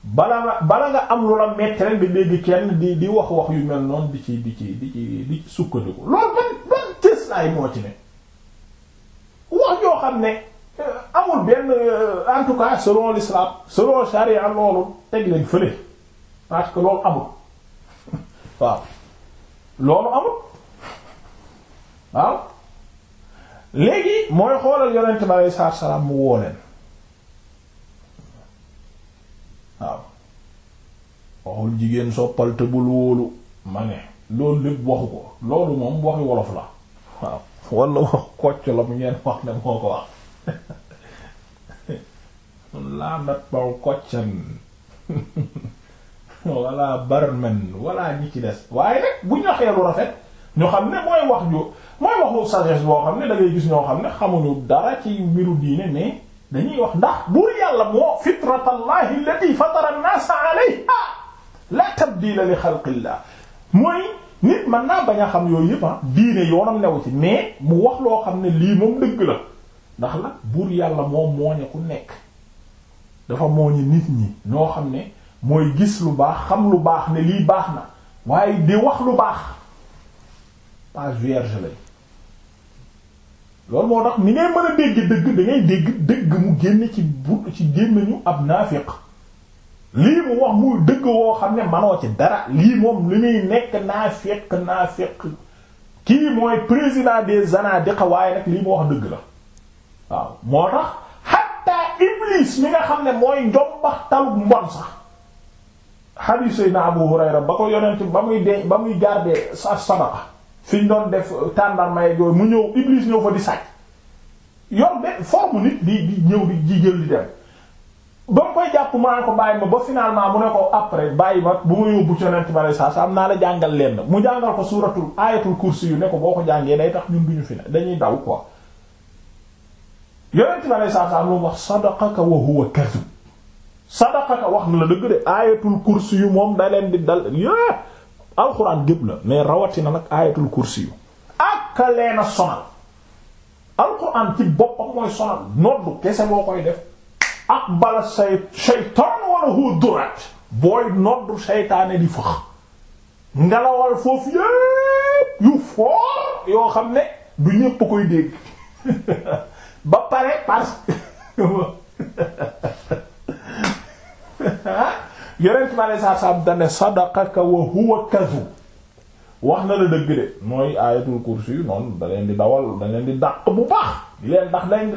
bala bala nga am lu la metti di dégg kenn di di wax wax yu mel noonu di ci di ci di ci di sukkandiku loolu ban ban cës laay moo ci ne wax yoo xam ne Euh, amul benn euh, en tout cas selon l'islam loolu teg leen fële parce que loolu amul waaw loolu amul waaw léegi mooy xoolal yonent bi aleyhi mu woo leen waaw waxul jigéen soppal te wóolu ma ne loolu lépp waxu ko loolu moom waxi wolof la waaw walla wax kocc la mu ngeen wax ne moo ko wax laa natbaw koccan wala barmen wala ñi ci des waaye rek bu ñu waxee rafet ñu xam ne mooy wax ju mooy waxu sagesse boo xam ne da gis ñoo xam ne xamuñu dara ci mbiru diine mais dañuy wax ndax buur yàlla moo fitratallahi allati fatara an-nasa alayha la tabdila mooy nit mën naa bañ a xam yooyu yëpp ah, diine yoonam newu ci mais mu wax loo xam ne lii moom dëgg la ndax la buur yàlla moom moo ne ku nekk dafa moo ñi nit ñi noo xam ne mooy gis lu baax xam lu baax ne lii baax na waaye di wax lu baax page vierge lay loolu moo tax ni ngay mën a dégg dëgg da ngay dégg dëgg mu génn ci bu ci gémmiñu ab naafiq lii mu wax muy dëgg woo xam ne manoo ci dara lii moom li muy nekk naafiq naafiq kii mooy président des zanadiqa waaye nag lii mu wax dëgg la waaw moo tax hatta iblis mi nga xam ne mooy njombax talub mbon sax xadiis Seydina Abu Hurayra ba ko yonent ba muy de ba muy garder sa sadaqa fi ñu doon def tàndarmay jooy mu ñëw iblis ñëw fa di sàcc yor de forme nit di ñëw di di jël di dem ba mu koy jàpp maa ko bàyyi ma ba finalement mu ne ko après bàyyi ma bu ma yóbbu ci yonent ba saa sa naa la jàngal leen mu jàngal ko suuratul aayatul kursi yu ne ko boo ko jàngee day tax ñun duñu fi ne dañuy daw yonent bi alayhi salaatu salaam wax sadaqaka wa huwa wax na la dëgg de aayatul kursi yu moom da leen di dal yéen alxuraan gépp la mais rawatina nag aayatul kursi yu. ak ka leen a sonal alxuraan ci boppam mooy sonal noddu kese boo koy def ak bala say shaytaan wala hu durat booy noddu shaytaane di fëx ngelawal foofu yépp yu foor yoo xam ne du ñëpp koy dégg. ba pare parce que yonent ma saa wax na la dëgg de mooy da di dàq bu baax di leen ndax dañ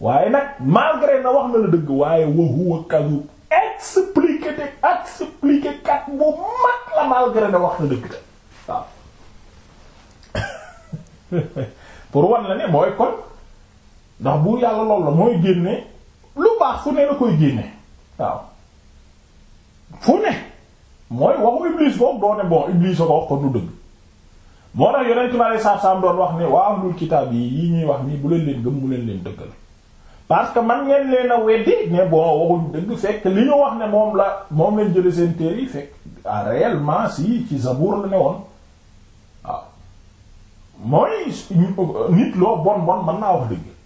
waaye nag malgré na wax na la dëgg waaye wa huwa kadhub expliqué wax na dëgg waaw pour wan la ne mooy kon ndax buur yàlla lool la mooy génne lu baax fu ne la koy génne waaw fu ne mooy waxu iblis boobu doo ne iblis a ko wax ko du dëgg moo tax yonent bi alei satu salaam doon wax ne waa ahlul kitaab yi yi ñuy wax nii bu leen leen gëm bu leen leen dëggal parce que man ngeen leen a weddi ne bon waxuñ dëgg fekk li ñu wax ne moom la moom lañ jële seen téere yi fekk ah si ci Zabuur la ne woon waaw mooy nit loo bon bon mën naa wax dëgg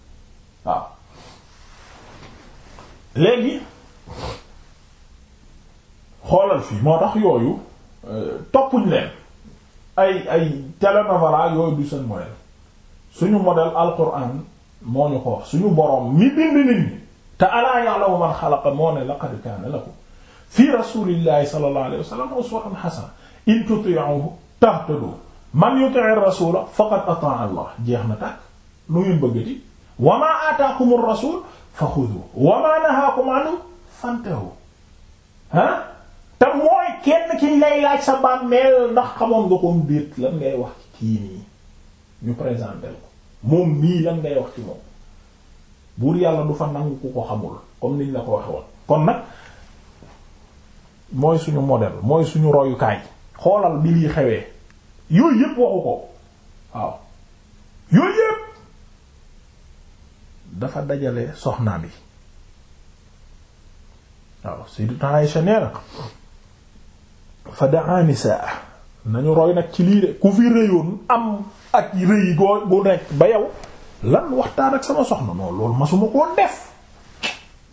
léegi xoolal fii moo tax yooyu euh, toppuñ leen ay ay télénovela yooyu du seen modèle suñu modèle alquran ko wax suñu boroom mi bind nit ñi te alaa ya'lamu man xalaqa moo fi rasulillahi sallallahu alayhi wa in tuti'uhu tahtadu man yuti'ir rasula faqad ata'a allah jeex na tàkk lu wa ma ataakumur rasul fa xudu wa ma nahaakum anhu fantahu te mooy kenn ki lay laaj sa bàmmeel ndax xamoon nga koom déet lan ngay wax kii nii ñu présenté ko moom nii lan ngay wax ci moom buur yàlla du fa nangu ku ko xamul comme niñ la ko waxe kon nag mooy suñu modèle mooy suñu royukaay xoolal bi lii xewee yooyu yépp waxu ko waaw yooyu yépp dafa dajale soxna bi waaw Sayyidatu Aisha nee na fa daa nisaa nañu roy nag ci lii de ku fi rëyoon am ak rëy goo bu nekk ba yow lan waxtaan ak sama soxna non loolu masuma koo def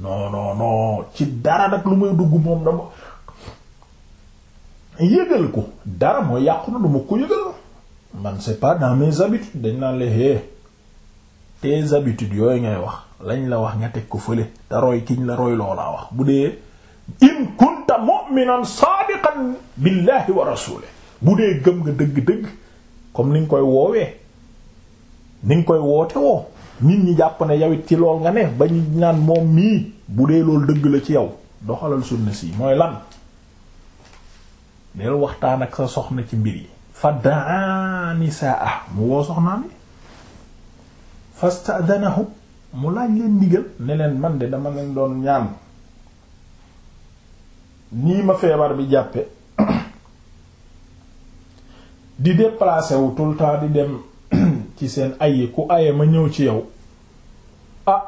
non non non ci dara nag lu may dugg moom dama yëgal ko dara mooy yàqu na lu ko yëgal man c'est pas dans mes habitudes dañ naan la hé eh, tes habitudes yooyu ngay wax lañ la wax nga teg ko fële te roy kiñ la roy loolaa wax bu dee in kunta mu'minan saadiqan billahi wa rasuli bu dee gëm nga dëgg-dëgg comme ni nga koy woowee ni nga koy woote woo nit ñi jàpp ne yow ci lool nga ne ba ñu naan moom mii bu dee loolu dëgg la ci yow doxalal sunna si mooy lan del waxtaan ak sa soxna ci mbir yi fa daani saa ah mu woo soxnaa mi fastadanahu mu laaj leen ndigal ne leen man de dama leen doon ñaan nii ma feebar bi jàppe di déplacé wu tout le temps di dem ci seen ay ku aye ma ñëw ci yow ah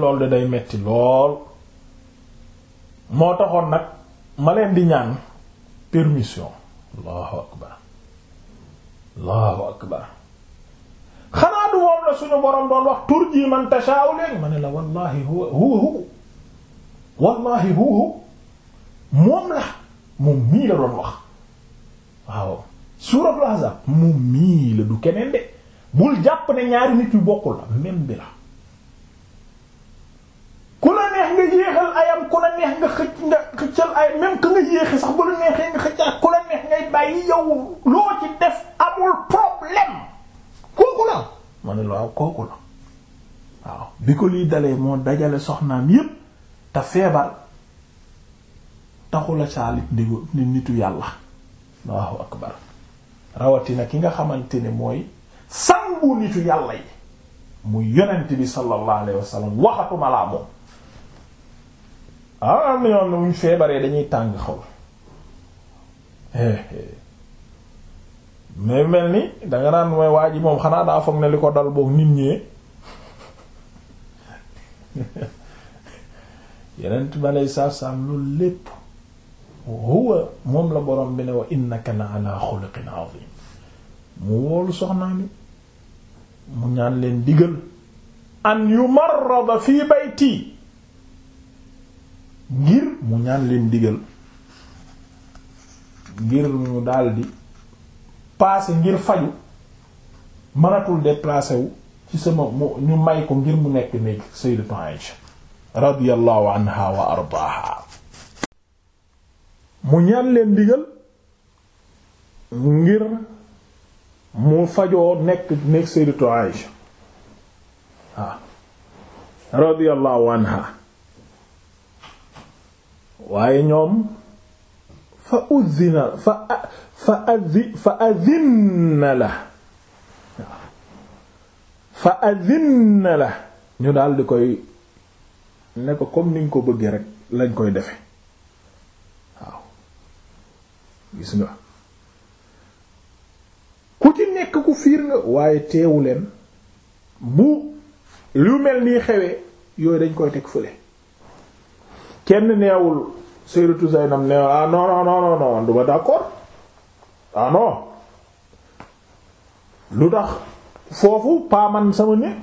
loolu de day metti lool moo taxoon nag ma leen di ñaan permission allahu akbar allahu akbar la suñu borom doon wax turji man tashaa'u leen wallahi huwa huwa wallahi moom la moom mii doon wax suuratul ahzab moom mii du keneen de bul jàpp ne ñaari nit yu bokkul la ku la neex nga yéexal ayam ku la neex nga xëcc nga xëccal la neexee nga xëccaat ku la neex ngay bàyyi yow loo ci def amul problème kooku la ma ne la waaw kooku la waaw bi ko liy dalee moo dajale soxnaam yépp te feebar taxula saalit ndigu ni nitu yàlla Allahu akbar rawatina ki nga xamante ne mooy sangu nitu yàlla yi mu yonent bi sallallahu alayhi wasallam waxatuma laa moom ah, am na yoon muñ feebaree dañuy tàng xaw mais mel ni danga naan mooy waa ji moom xanaa daa foog ne li ko dal boog nit ñi yeneen bi alei saatu salaam loolu lépp huwa moom la borom bi ne wa innaka la ala xuluqin azim mu woolu soxnaa mu ñaan leen digal an yumarrada fii bayti ngir mu ñaan leen digal ngir mu daldi paase ngir faju mënatul déplacé wu ci sama mu ñu may ko ngir mu nekk néeg sayyidatu Aïsha radiyallahu anha wa ardaaha mu ñaan leen digal ngir mu fajoo nekk néeg sayyidatu Aïsha waaw ah, radiyallahu anha waaye ñoom fa uzzina fa fa adhi fa adhinna la fa adhinna la ñu daal di koy ne ko comme niñ ko bëggee rek lañ koy defe waaw gis nga ku ci nekk ku fiir nga waaye teewuleen bu lu mel nii xewee yooyu dañ koy teg fële kenn neewul Sayyidatu Zaynab ne ah non non non non du ma d'accord ah non lu tax foofu pa man sama ne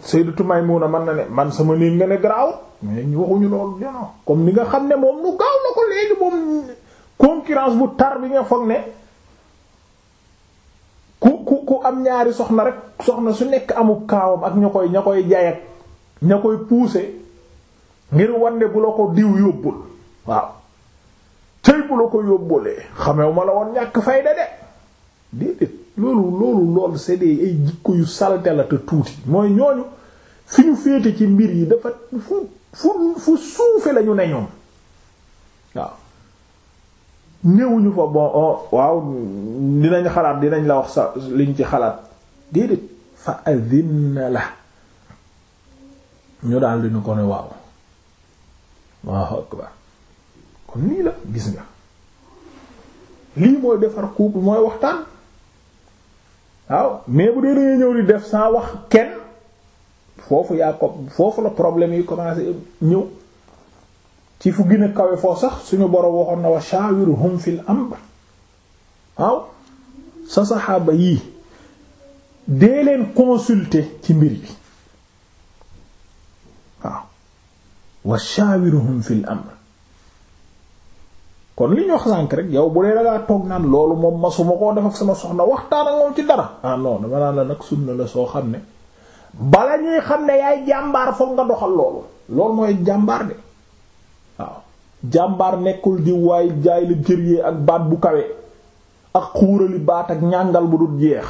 Sayyidatu Maymuna man na ne man sama néeg nga ne garaaw mais ñu waxuñu loolu non comme ni nga xam ne moom nu gaaw na ko léegi moom concurrence bu tar bi nga foog ne ku ku ku am ñaari soxna rek soxna su nekk amul kaawam ak ña koy ña koy jaay ak ña koy pousser ngir wane bu la ko diw yóbbul. waaw cëy bu la ko yóbbulee xamew ma la woon ñàkk fayda de déedéet loolu loolu loolu c'est des ay jikko yu salte la te tuuti mooy ñooñu fi ñu féete ci mbir yi dafa fu fu fu suufe lañu ne ñoom waaw néewuñu fa bon oh waaw dinañ xalaat dinañ la wax sa liñ ci xalaat déedéet fa adina la ñu daal di ko ne waaw waaw akbar kon nii la gis nga lii mooy defar couple mooy waxtaan waaw mais bu dee dangay ñëw di def sans wax kenn foofu yaa foofu la problème yi commencé ñëw ci fu gën a kawe foo sax suñu boroom waxoon na wa shawirhum fil amr waaw sa saxaaba yii dee leen consulter ci mbir bi waaw wa shawirhum fil amr kon li wax sànk rek yow bu dee dangaa toog naan loolu moom masuma koo def ak sama soxna waxtaan ak ci dara ah non dama la nag sunna la soo xam ne bala ñuy xam ne yaay jàmbaar foog nga doxal loolu loolu mooy jàmbaar de waaw jàmbaar nekkul di waay jaay la jër ak baat bu kawe ak xuurali baat ak ñàngal bu dul jeex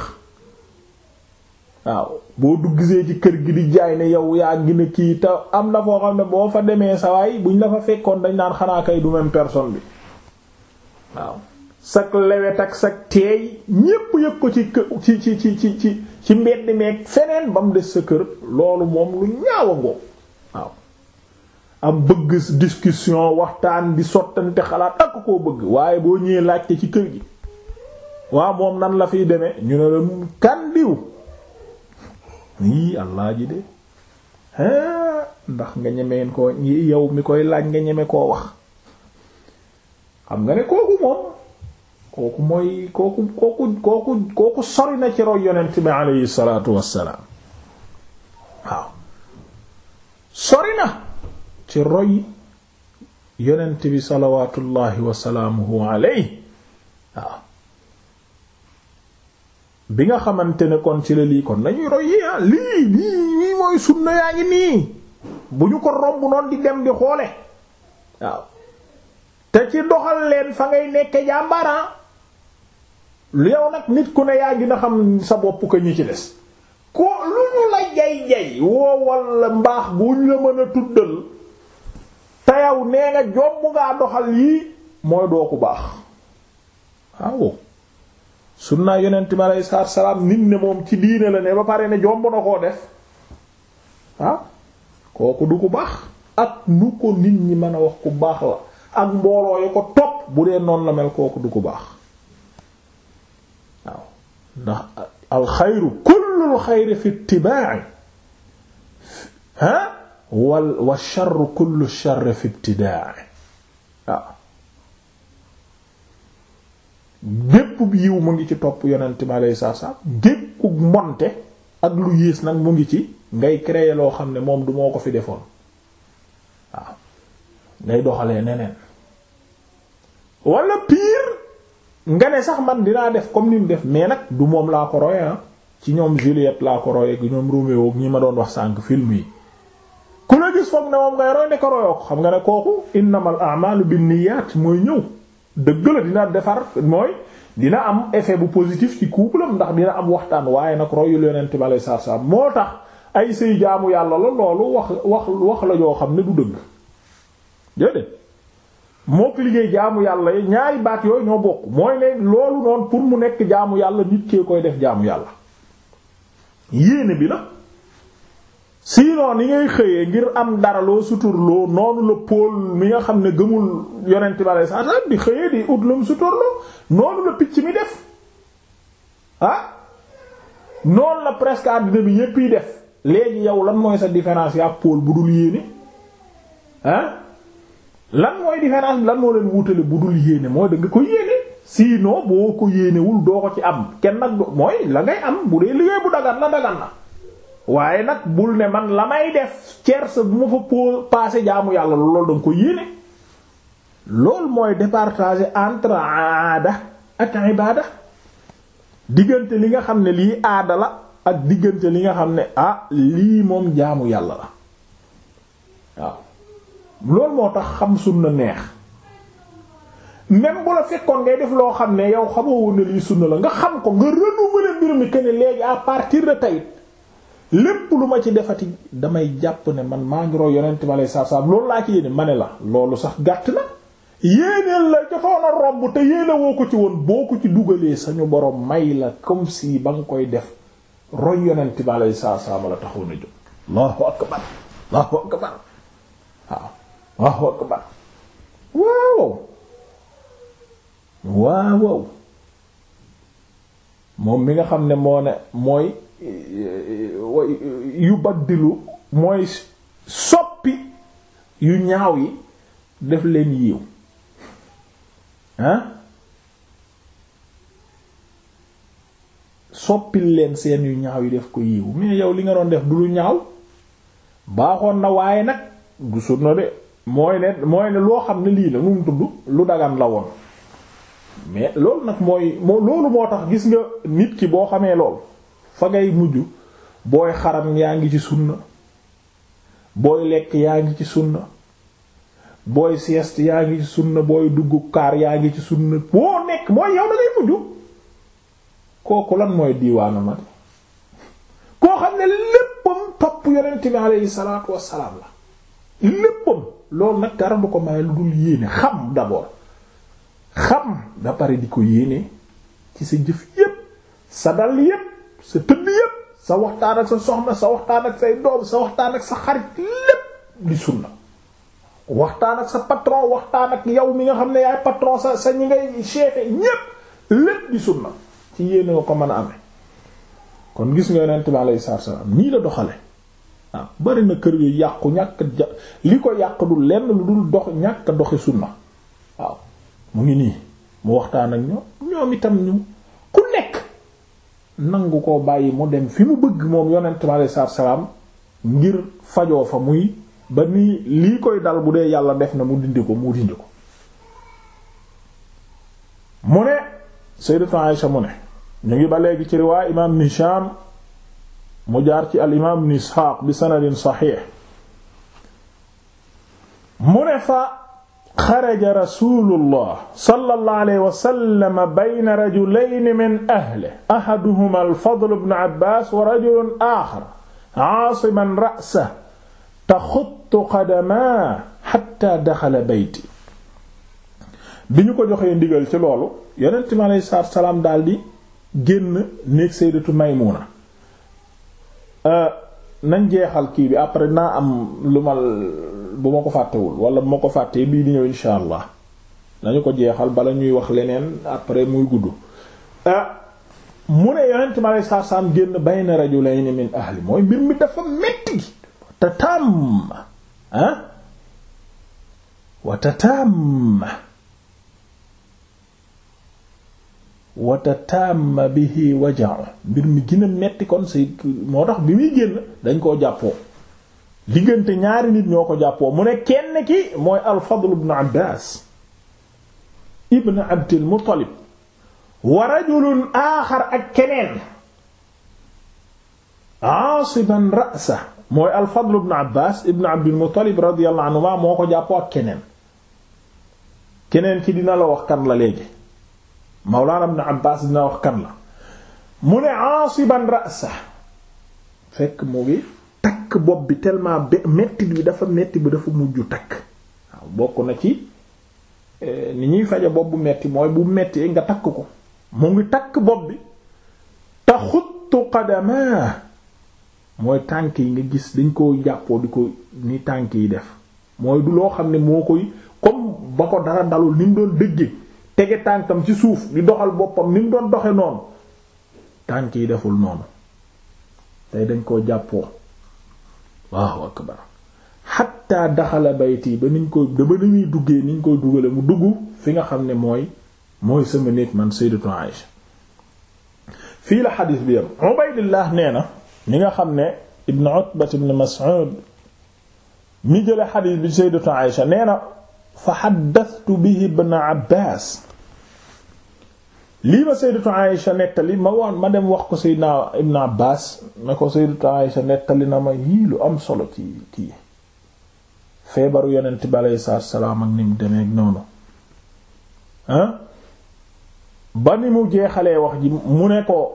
waaw boo dugg gisee ci kër gi di jaay ne yow yaa gina kii te am na foo xam ne boo fa demee sa sawaay buñ la fa fekkoon dañ naan xanaa du même personne bi waaw sak lewet ak sak teey ñépp yëg ko ci ci ci ci ci ci ci mbedd meeg feneen ba mu des sa kër loolu moom lu ñaaw a waaw am bëgg discussion waxtaan di sottante xalaat ak koo bëgg waaye boo ñëwee laajte ci kër gi waa moom nan la fi demee ñu ne la kan diw yii allah ji de ndax nga ñemeen ko yow mi koy laaj nga ñeme koo wax xam nga ne kooku moom kooku mooy kooku kooku kooku kooku sori na ci roy yonent bi aleyhi salaatu wassalaam waaw bi nga xamante ne kon ci la lii kon nañuy roy ah, lii lii mooy sunna yaa ngi nii bu ñu ko romb noonu di dem di xoole waaw te ci doxal leen fa ngay nekke jàmbaran ah. yow nag nit ku ne yaa gën a xam sa bopp ko ñi ci des ko lu ñu la jay-jay woowal mbaax bu ñu la mën a tuddal te yow nee nga jomb ngaa doxal yii mooy doo ku baax waaw sunnaa yonent mi aleyhi salaatu salaam nit ne moom ci diine la ne ba pare ne jomb na koo def kooku du ku baax ak nu ko nit ñi mën a wax ku baax la ak mbooloo ko topp bu dee noonu la mel kooku du ko baax waaw ndax alxayru kullul xayri fi ittiba'i ha ah wal wa sharru kullu sharri fi ibtida'i waaw gépp mu ngi ci topp yonent mi alayhi salaatu salaam gépp mbonte ak lu yées nag mu ngi ci ngay créer loo xam ne moom du ko fi defoon waaw ngay doxalee neneen wala pire nga ne sax man dinaa def comme ni mu def mais nag du moom laa ko roye ah. ci ñoom Juliette laa ko roye ak ñoom Roméo ak ñi ma doon wax sànq film yi ku la gis foog ne moom ngay roy ne ko royoo ko xam nga ne kooku innamal a'malu binniyat mooy ñëw dëgg la dina defar mooy dina am effet bu positif ci couple am ndax dina am waxtaan waaye nag royul yonent bi alayhi salaatu salaam moo tax ay sëy jaamu yàlla la loolu wax wax wax la joo xam ne du dëgg mook liggéey jaamu yàlla yi ñaari baat yooyu ñoo bokk mooy ne loolu noonu pour mu nekk jaamu yàlla nit kee koy def jaamu yàlla yéene bi la sinon ni ngay xëyee ngir am dara loo suturloo noonu la Paul mi nga xam ne gëmul yonent bi alei saat bi xëyee di ut lam suturloo noonu la picc mi def ah noonu la presque àddina bi yépp def léegi yow lan mooy sa différence ya Paul bu dul yéene ah lan mooy différence lan moo leen wutale bu dul yéene mooy da ko yéene sinon boo ko yéenewul doo ko ci am kenn nag mooy la ngay am bu dee liggéey bu dagan la dagan na waaye nag bul ne man la may def cerce bu ma fa po passé jaamu yàlla loolu da nga ko yéene loolu mooy départager entre aada ak ibada diggante li nga xam ne lii aada la ak diggante li nga xam ne ah lii moom jaamu yàlla la waaw loolu moo tax xam sunna neex même bu la fekkoon ngay def loo xam ne yow xamoo woon ne lii sunna la nga xam ko nga renouveler mbir mi que ne léegi à partir de tey lépp lu ma ci defati damay jàpp ne man maa ngi roy yonent ma lay saabsaab loolu laa ci yéene ma ne la loolu sax gàtt na yéeneel la jotoon a romb te yéene woo ko ci woon boo ko ci dugalee sañu borom may la comme si ba nga koy def roy yonent ma lay saabsaab la taxaw na jóg. allahu akbar allahu akbar waaw akbar waaw waaw moom mi nga xam ne moo ne mooy yu baddilu mooy soppi yu ñaaw yi def leen yiw ah soppil leen seen yu ñaaw yi def ko yiw mais yow li nga doon def du lu ñaaw baaxoon na waaye nag du sunna de mooy ne mooy ne loo xam ne lii la nu mu tudd lu dagan la woon mais loolu nag mooy moo loolu moo tax gis nga nit ki boo xamee lool fa ngay mujj booy xaram yaa ngi ci sunna booy lekk yaa ngi ci sunna booy sieste yaa sunna booy dugg kaar yaa ngi ci sunna boo nekk mooy yow da ngay mujj kooku lan mooy diiwaana ma koo xam ne léppam topp yonent bi alayhi salaatu wassalaam la léppam loolu nag dara du ko maye lu dul yéene xam d'abord xam da pare di ko yéene ci sa jëf yépp sa dal yépp sa tëdd yépp sa waxtaan ak sa soxna sa waxtaan ak say doom sa waxtaan ak sa xarit lépp di sunna waxtaan ak sa patron waxtaan ak yow mi nga xam ne yaay patron sa sa ñi ngay chef ñépp lépp di sunna ci yéene nga ko mën a amee kon gis nga yonent bi alayhi salaam nii la doxale bari na kër yu yàqu ñàkk li ko yàq du lenn lu dul dox ñàkk doxi sunna waaw mu ngi nii mu waxtaan ak ñoom ñoom itam ku nekk nangu koo bàyyi mu dem fi mu bëgg moom yonent bi aleyhi salaam ngir fajoo fa muy ba nii lii koy dal bu dee yàlla def na mu dindi ko mu dindi ko mu ne Sayyidatu Aisha mu ne ñu ngi ba léegi ci riwaay imaam Hisham mu jaar ci al imaam ibn Isxaaq bi sanadin saxiix mu ne fa xaraja rasuulullah sallallahu alayhi wa sallam bayna rajulayni min ahlihi ahaduhumaa al-Fadl ibn Abbaas wa rajulun aaxar caasiman ra'sahu taxuttu qadamaahu xattaa daxala bayti bi ñu ko joxee ndigal ci loolu Yonent mi alayhi salaatu wa salaam daldi génn néeg Sayyidatu Maymuna Euh, nañ jeexal kii bi après naa am lu mal bu ma ko fàttewul wala bu ma ko fàttee bii di ñëw insha allah nañu ko jeexal bala ñuy wax leneen après muy gudd euh, mu ne yonent ma lay sarsam génn bayna rajulayni min ahli mooy mbir mi dafa metti gi te tàmm ah wa te tàmm wata tàmma bihi wajan mbir mi gën a metti kon si moo tax bi muy génn dañ koo jàppoo diggante ñaari nit ñoo ko jàppoo mu ne kenn ki mooy alfadl ibn abbas ibn abdil muttalib wa ak keneen aasiban ra'sa mooy alfadl ibn abbas ibn abdil muttalib moo ko jàppoo ak keneen keneen ki dina la wax kan la léegi Mawlaana Ibn Abbaas dina wax kan la mu ne aasiban ra'sa fekk mu takk bopp bi tellement be bi dafa metti bi dafa mujj takk bokk na ci eh, ni ñuy faje bopp bu metti mooy bu metti nga takk ko mu takk bopp bi taxuttu qadama tànk yi nga gis dañ ko jàppoo di ko ni tànk yi def mooy loo xam ne moo koy comme ba ko dara dalul ni mu doon dëggee tege tànkam ci suuf di doxal boppam ni mu doon doxe noonu tànk yi deful noonu tey dañ koo jàppoo waaw akbar xatta daxala bayti ba niñ koy daba ni muy duggee niñ koy dugalee mu dugg fi nga xam ne mooy mooy sama néeg man sayyidatu Aïsha fii la xadiis bi yam Ubaydillah nee na ni nga xam ne ibn Utbat ibn Mas'ud mi jële xadiis bi sayyidatu Aïsha nee na fa xaddastu bihi ibn Abbaas lii ma sayyidatu Aïsha nettali ma woon ma dem wax ko sayyidna Ibn Abbas ne ko sayyidatu Aïsha nettali na ma yii lu am solo ci kii feebaru yonent bi aleyhi salaatu salaam ak ni mu demee ak noonu ba ni mu jeexalee wax ji mu ne ko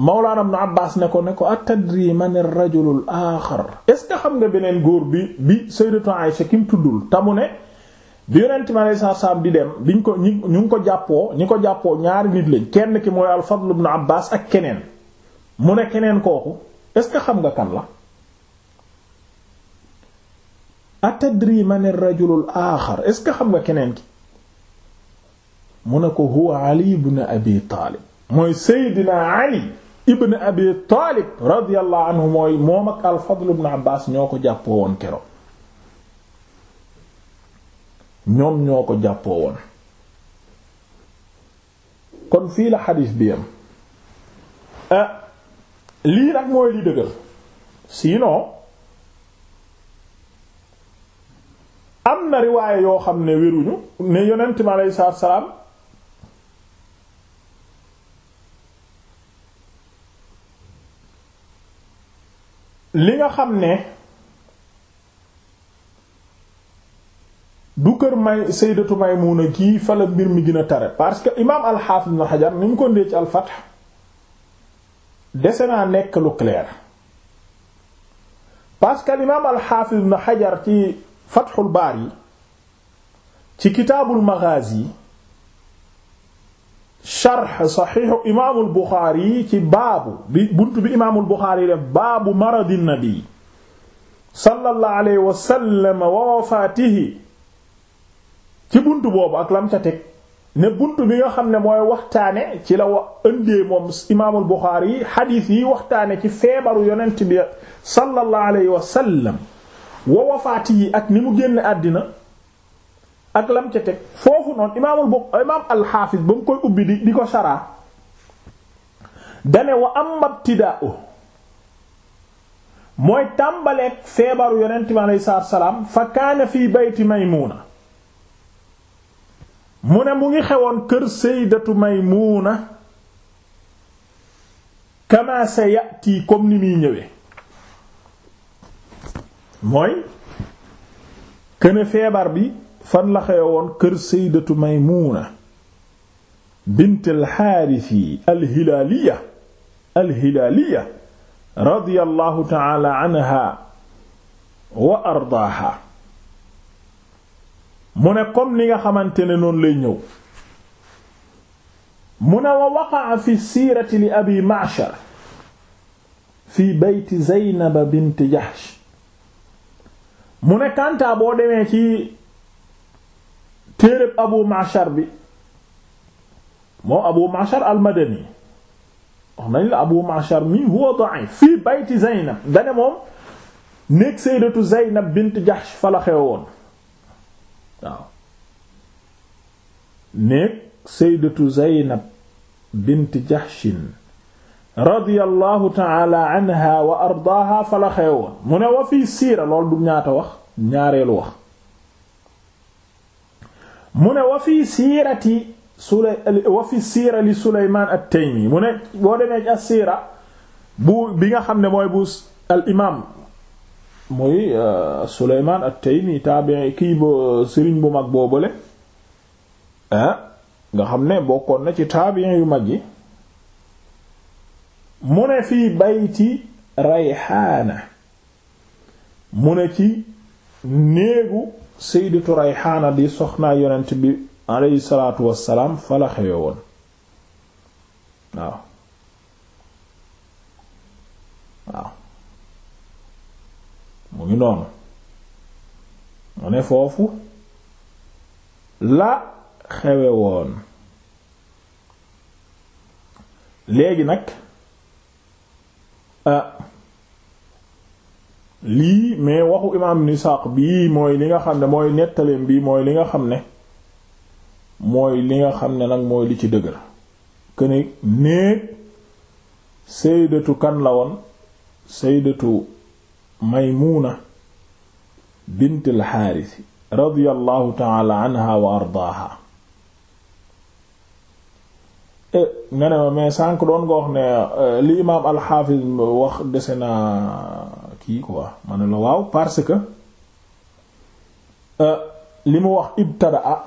Mawlaana Ibn Abbas ne ko ne ko atadri yi ma rajul al-aaxar est ce que xam nga beneen góor bi bi sayyidatu Aïsha kim tuddul tamu ne. bi yonent ma lay di dem biñ ko ñu ñu ngi ko jàppoo ñi ko jàppoo ñaari nit lañ kenn ki mooy al-Fadl ibn Abbas ak keneen mu ne keneen kooku est ce que xam nga kan la atadri man ar-rajul al-akhar est ce que xam nga keneen ki mu ne ko huwa Ali ibn Abi Talib mooy Seydina Ali ibn Abi Talib radiyallahu anhu mooy moom ak al-Fadl ibn ñoo ko jàppoo woon keroog ñoom ñoo ko jàppoo woon kon fii la xadiis bi yam ah, lii nag mooy li dëgër sinon am na riwaaye yoo xam ne wéruñu ne yonent mi salaam li nga xam ne du kër Maymuna kii fa mbir mi gën a tare parce que imaam al-Hafiz Ibn Hajar ni mu ko ci al-Fath dese naa nekk lu clair parce que imaam al-Hafiz Ibn Hajar ci Fathul Bari ci kitaabul Maghazi sharh saxiixu imaamul Buxaari ci baabu buntu bi imaamul Buxaari def baabu maradi nabi sallallahu alayhi wa wa wafaatihi ci bunt boobu ak lam ca teg ne bunt bi nga xam ne mooy waxtaane ci la wa ëndee moom imaamul Buxaari yi xadiis yi waxtaane ci feebaru yonent bi sallallahu alayhi wa sallam wa wafaati yi ak ni mu génn àddina ak lam ca teg foofu noonu imaamul bu imaam alxaafis ba mu koy ubbi di di ko saraa dane wa am mabtidaa mooy tàmbaleeg feebaru yonent bi alayhi salaam fa kaana fii bayti Maymuna mu ne mu ngi xewoon kër sayyidatu Maymuna kama sayati comme ni muy ñëwee mooy këne feebar bi fan la xewoon kër sayyidatu Maymuna bint al-Harith al-Hilaliya al-Hilaliya radiyallahu ta'ala anha wa ardaaha mu ne comme ni nga xamante ne noonu lay ñëw mu ne wa waqaa fi siirati li abi ma'shar fi bayti zeynaba bint jahsh mu ne kantaa boo demee ci téeréb abu ma'shar bi moom abu ma'shar al-madani nañ la abu ma'shar mi huwa da'if fi bayti zeynab dane moom néeg sayyidatu zeynab bint jahsh fa la waaw néeg saydatu zeynab bint jahshin radiyallahu taala anha wa ardaaha fa la mu ne wa siira lool du ñaata wax ñaareelu wax mu ne wa siirati sula wa siira li suleymaan at-taymi mu ne boo demee siira bi nga xam ne mooy bu al imaam muy euh, Souleymane at-Taymi tabi'i kii ba sëriñ bu mag boobale ah nga xam ne bokkoon na ci tabi'i yu mag yi mu ne fii bayti Rayhaana mu ne ci néegu sayyidatu Rayhaana di soxnaa yonent bi aleyhi salaatu salaam fa la xewe woon waaw mu ngi noonu mu ne foofu la xewe woon léegi nag ah lii mais waxu imaam ni saq bii mooy li nga xam ne mooy nettaleem bii mooy li nga xam ne mooy li nga xam ne nag mooy li ci dëgër këni néeg saydatu kan la woon saydatu Maymuna bint al-Haaris radiyallahu ta'ala anha wa ardaaha eh, nga ne ma mais sànq doon nga wax ne eh, li imaam al wax dese na kii quoi ma ne la waaw parce que eh, li mu wax ibtadaa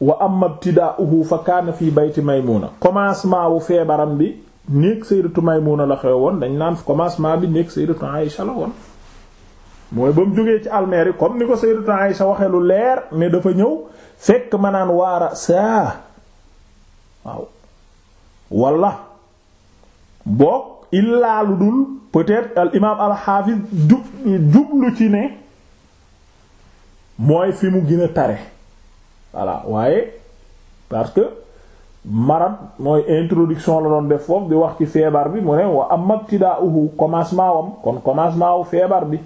wa amma ibtidaa'uhu fa kaana fi bayti Maymuna commencement wu feebaram bi néeg sayyidatu Maymuna la xew woon dañ naan commencement bi néeg sayyidatu Aïsha la woon mooy ba mu jógee ci almeer yi comme ni ko sayyidatu Aïsha waxee lu leer ne dafa ñëw fekk ma naan waara saa waaw wala boog illaa dul peut-être al imaam al xaafis jub jublu ci ne mooy fi mu gën a tare voilà waaye parce que marad mooy introduction la doon def foofu di wax ci feebar bi mu ne wa am mabtidaa'uhu commencement wam kon commencement wu feebar bi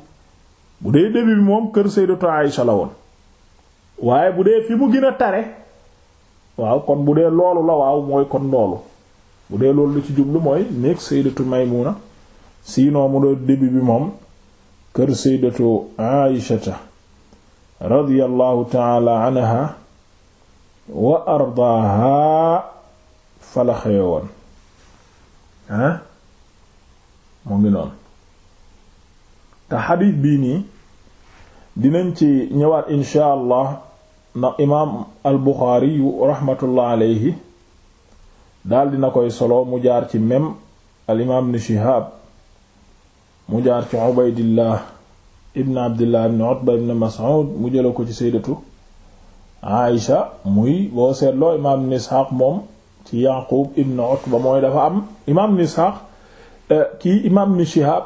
bu dee début bi moom kër Sayyidatu Aïsha la woon waaye bu dee fi mu gën tare waaw kon bu dee loolu la waaw mooy kon loolu bu dee loolu lu ci jublu mooy néeg Sayyidatu Maymuna sinon mu dee début bi moom kër Sayyidatu Aïsha radiyallahu ta'ala anha wa ardaaha fala xewe woon ah mu ngi noonu te xadiis bii nii dinañ ci ñëwaat insha allah ndax imaam al buxaari yu raxmatullah aleyhi daal dina koy solo mu jaar ci même al imaam ibn shihaab mu jaar ci ubaydillah ibn abdillah ibn utba ibn mas'ud mu jëla ko ci saydatu Aïcha muy boo seetloo imaam Ishaq moom ci Yaqub ibn Utba mooy dafa am imaam Ishaq euh, kii imaam Shihab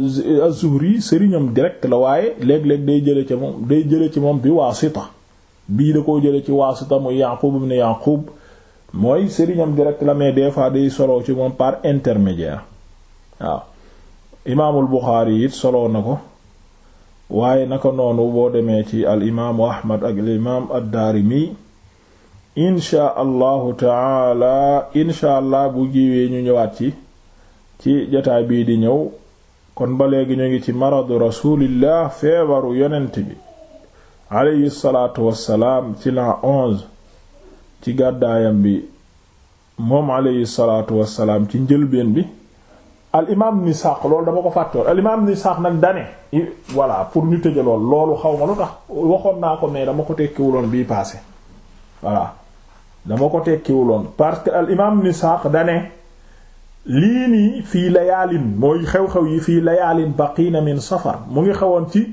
az-Zuhri sëriñam direct la waaye léeg-léeg day jële ci moom day jële ci moom bi waasita bii da koo jële ci waasita muy Yaqub ibn Yaqub mooy sëriñam direct la mais des fois day solo ci moom par intermédiaire waaw imaamul Bukhari it solo na ko waaye naka noonu boo demee ci al imaamu ak al imaam addaarimi inchaa allahu taala incha allah bu jiwee ñu ñëwaat ci ci jataay bii di ñëw kon ba léegi ñu ngi ci maradu rasulillah feebaru yonent bi aleyhi salaatu wassalaam ci la onze ci gàddaayam bi moom aleyhi salaatu wassalaam ci njëlbeen bi al imaam ibn Isaaq loolu dama ko fàttewoon al imaam ibn Isaaq nag dane voilà pour ñu tëje lool loolu xaw ma lu tax waxoon naa ko mais dama ko tekkiwuloon bii passé voilà dama ko tekkiwuloon parce que al imaam ibn Isaaq dane lii nii fii layaalin mooy xew-xew yi fii layaalin baqiina min safar mu ngi xewoon ci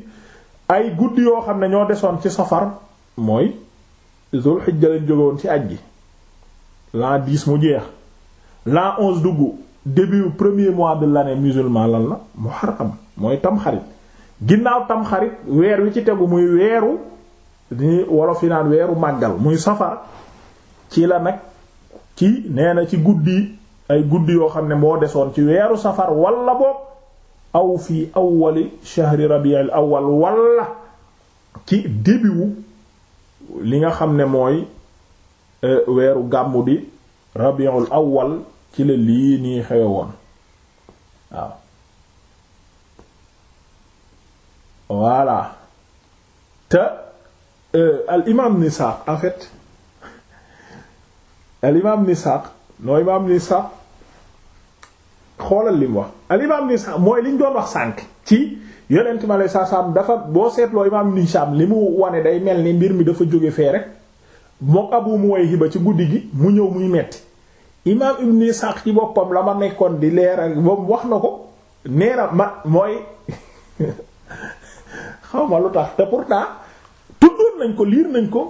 ay guddi yoo xam ne ñoo desoon ci safar mooy zul xijja lañ jógewoon ci aj gi l'an mu jeex l'an onze dugg début premier mois de l'année musulman lan la muharram mooy tamxarit ginnaaw tamxarit weer wi ci tegu muy weeru ni wolof yi naan weeru màggal muy safar ci la nag ci neena ci guddi ay guddi yoo xam ne moo desoon ci weeru safar wala boog aw fii awwali shahri rabi'il awwal wala ci début li nga xam ne mooy euh, weeru gàmmu di rabi'ul awwal ci la lii nii xewe woon waaw voilà te euh, al imaam ni saaq en fait al imaam ni saaq noo imaam ni saaq xoolal li wax al imaam ni mooy liñ doon wax sànq ci yonent ma lay saa dafa boo seetloo imaam ni li mu wane day mel ni mbir mi dafa jóge fee rek mook abu muwayhiba ci guddi gi mu ñëw muy metti imaam ibn Ishaq ci boppam la ma nekkoon di leeral moom wax na ko nee na ma mooy xaw ma lu tax te pourtant tuddoon nañ ko liir nañ ko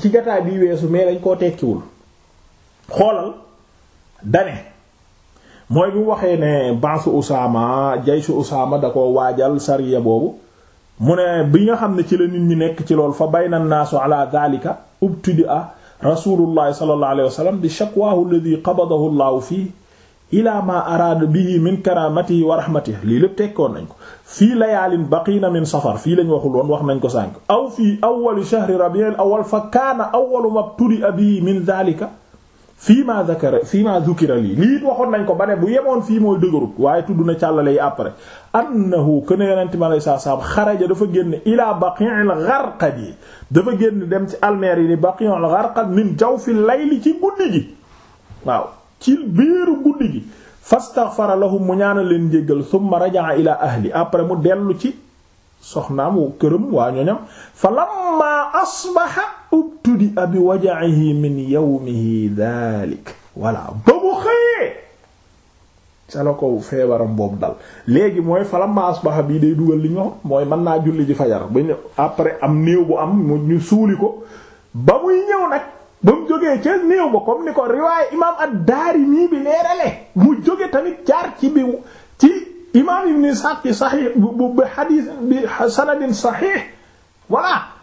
ci gataay bi weesu mais lañ koo tekkiwul xoolal dane mooy bi waxee ne bansu Usaama jaysu Usaama da koo waajal sariya boobu mu ne bi nga xam ne ci la nit ñi nekk ci lool fa bayna naasu ala dhalika ubtidi a rasulullahi sallallahu alayhi wa sallam bi shakwaahu alladhi qabadahu llahu fii ila ma araada bihi min karamatihi wa rahmatihi lii lépp tekkoon nañ ko fii layaalin baqiina min safar fii lañ waxul woon wax nañ ko sànk aw fii awwali shahri rabi'il awwal fa kaana awwalu mabtudi bihi min dhalika fii ma zakara fii ma zukira lii lii waxoon nañ ko ba ne bu yemoon fii mooy dëgërut waaye tudd na càllale yi après annahu kuene yonente mi alei xaraja dafa génn ila baqi'il gharqad yi dafa génn dem ci almeer yi ni baqi'il gharqad min jawfi layli ci guddi gi waaw ci biiru guddi gi fastaghfara lahum mu ñaana leen jéggal thumma raja'a ila ahli après mu dellu ci soxnaam këram waa ñoñam fa lamma asbaha ubtudi abi waja'ihi min yawmihi daalik voilà ba mu xëyee ca la ko feebaram boobu dal léegi mooy falamma asbaha bii day dugal li mooy mën naa julli ji fajar ba après am néew bu am mu ñu suuli ko ba muy ñëw nag ba mu jógee ca néew ba comme ni ko riwaay imaam ad-Daarimi bi leerale mu jóge tamit jaar ci bi ci imaam ibn Sa'd saxiix bu bu xadiis bi sanadin saxiix voilà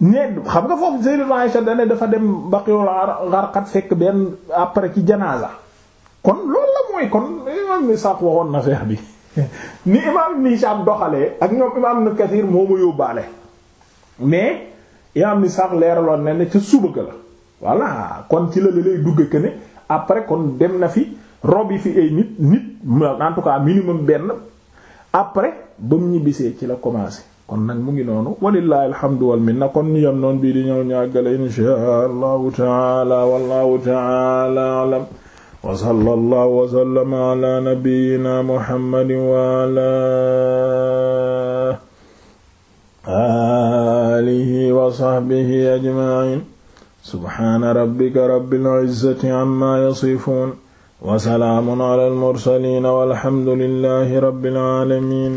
ne xam nga foofu Sayyidatu Aisha dane dafa dem Baqiyul Gharqad fekk benn après ci janaasa kon loolu la mooy kon imam ni saq waxoon na feex bi ni imam ni Hisham doxalee ak ñoom imam Ibn moo ma yóbbaale mais ni saq leeraloon ne ne ca suba ga la voilà kon ci la la lay dugg que ne après kon dem na fi rob yi fi ay nit nit en tout cas minimum benn après ba mu ñibbisee ci la commencé kon nag mu ngi noonu walillahi alhamdu wal minna kon ñu yem noonu bii di ñëw ñàggale inshaa allahu taala wallahu taala alam wa sallallahu wa sallama ala nabiyyina muhammadin wa ala alihi wa sahbihi ajma'in subhana rabbika rabbil izzati amma yasifun wa salaamun ala al mursalin walhamdulillahi rabbil alamin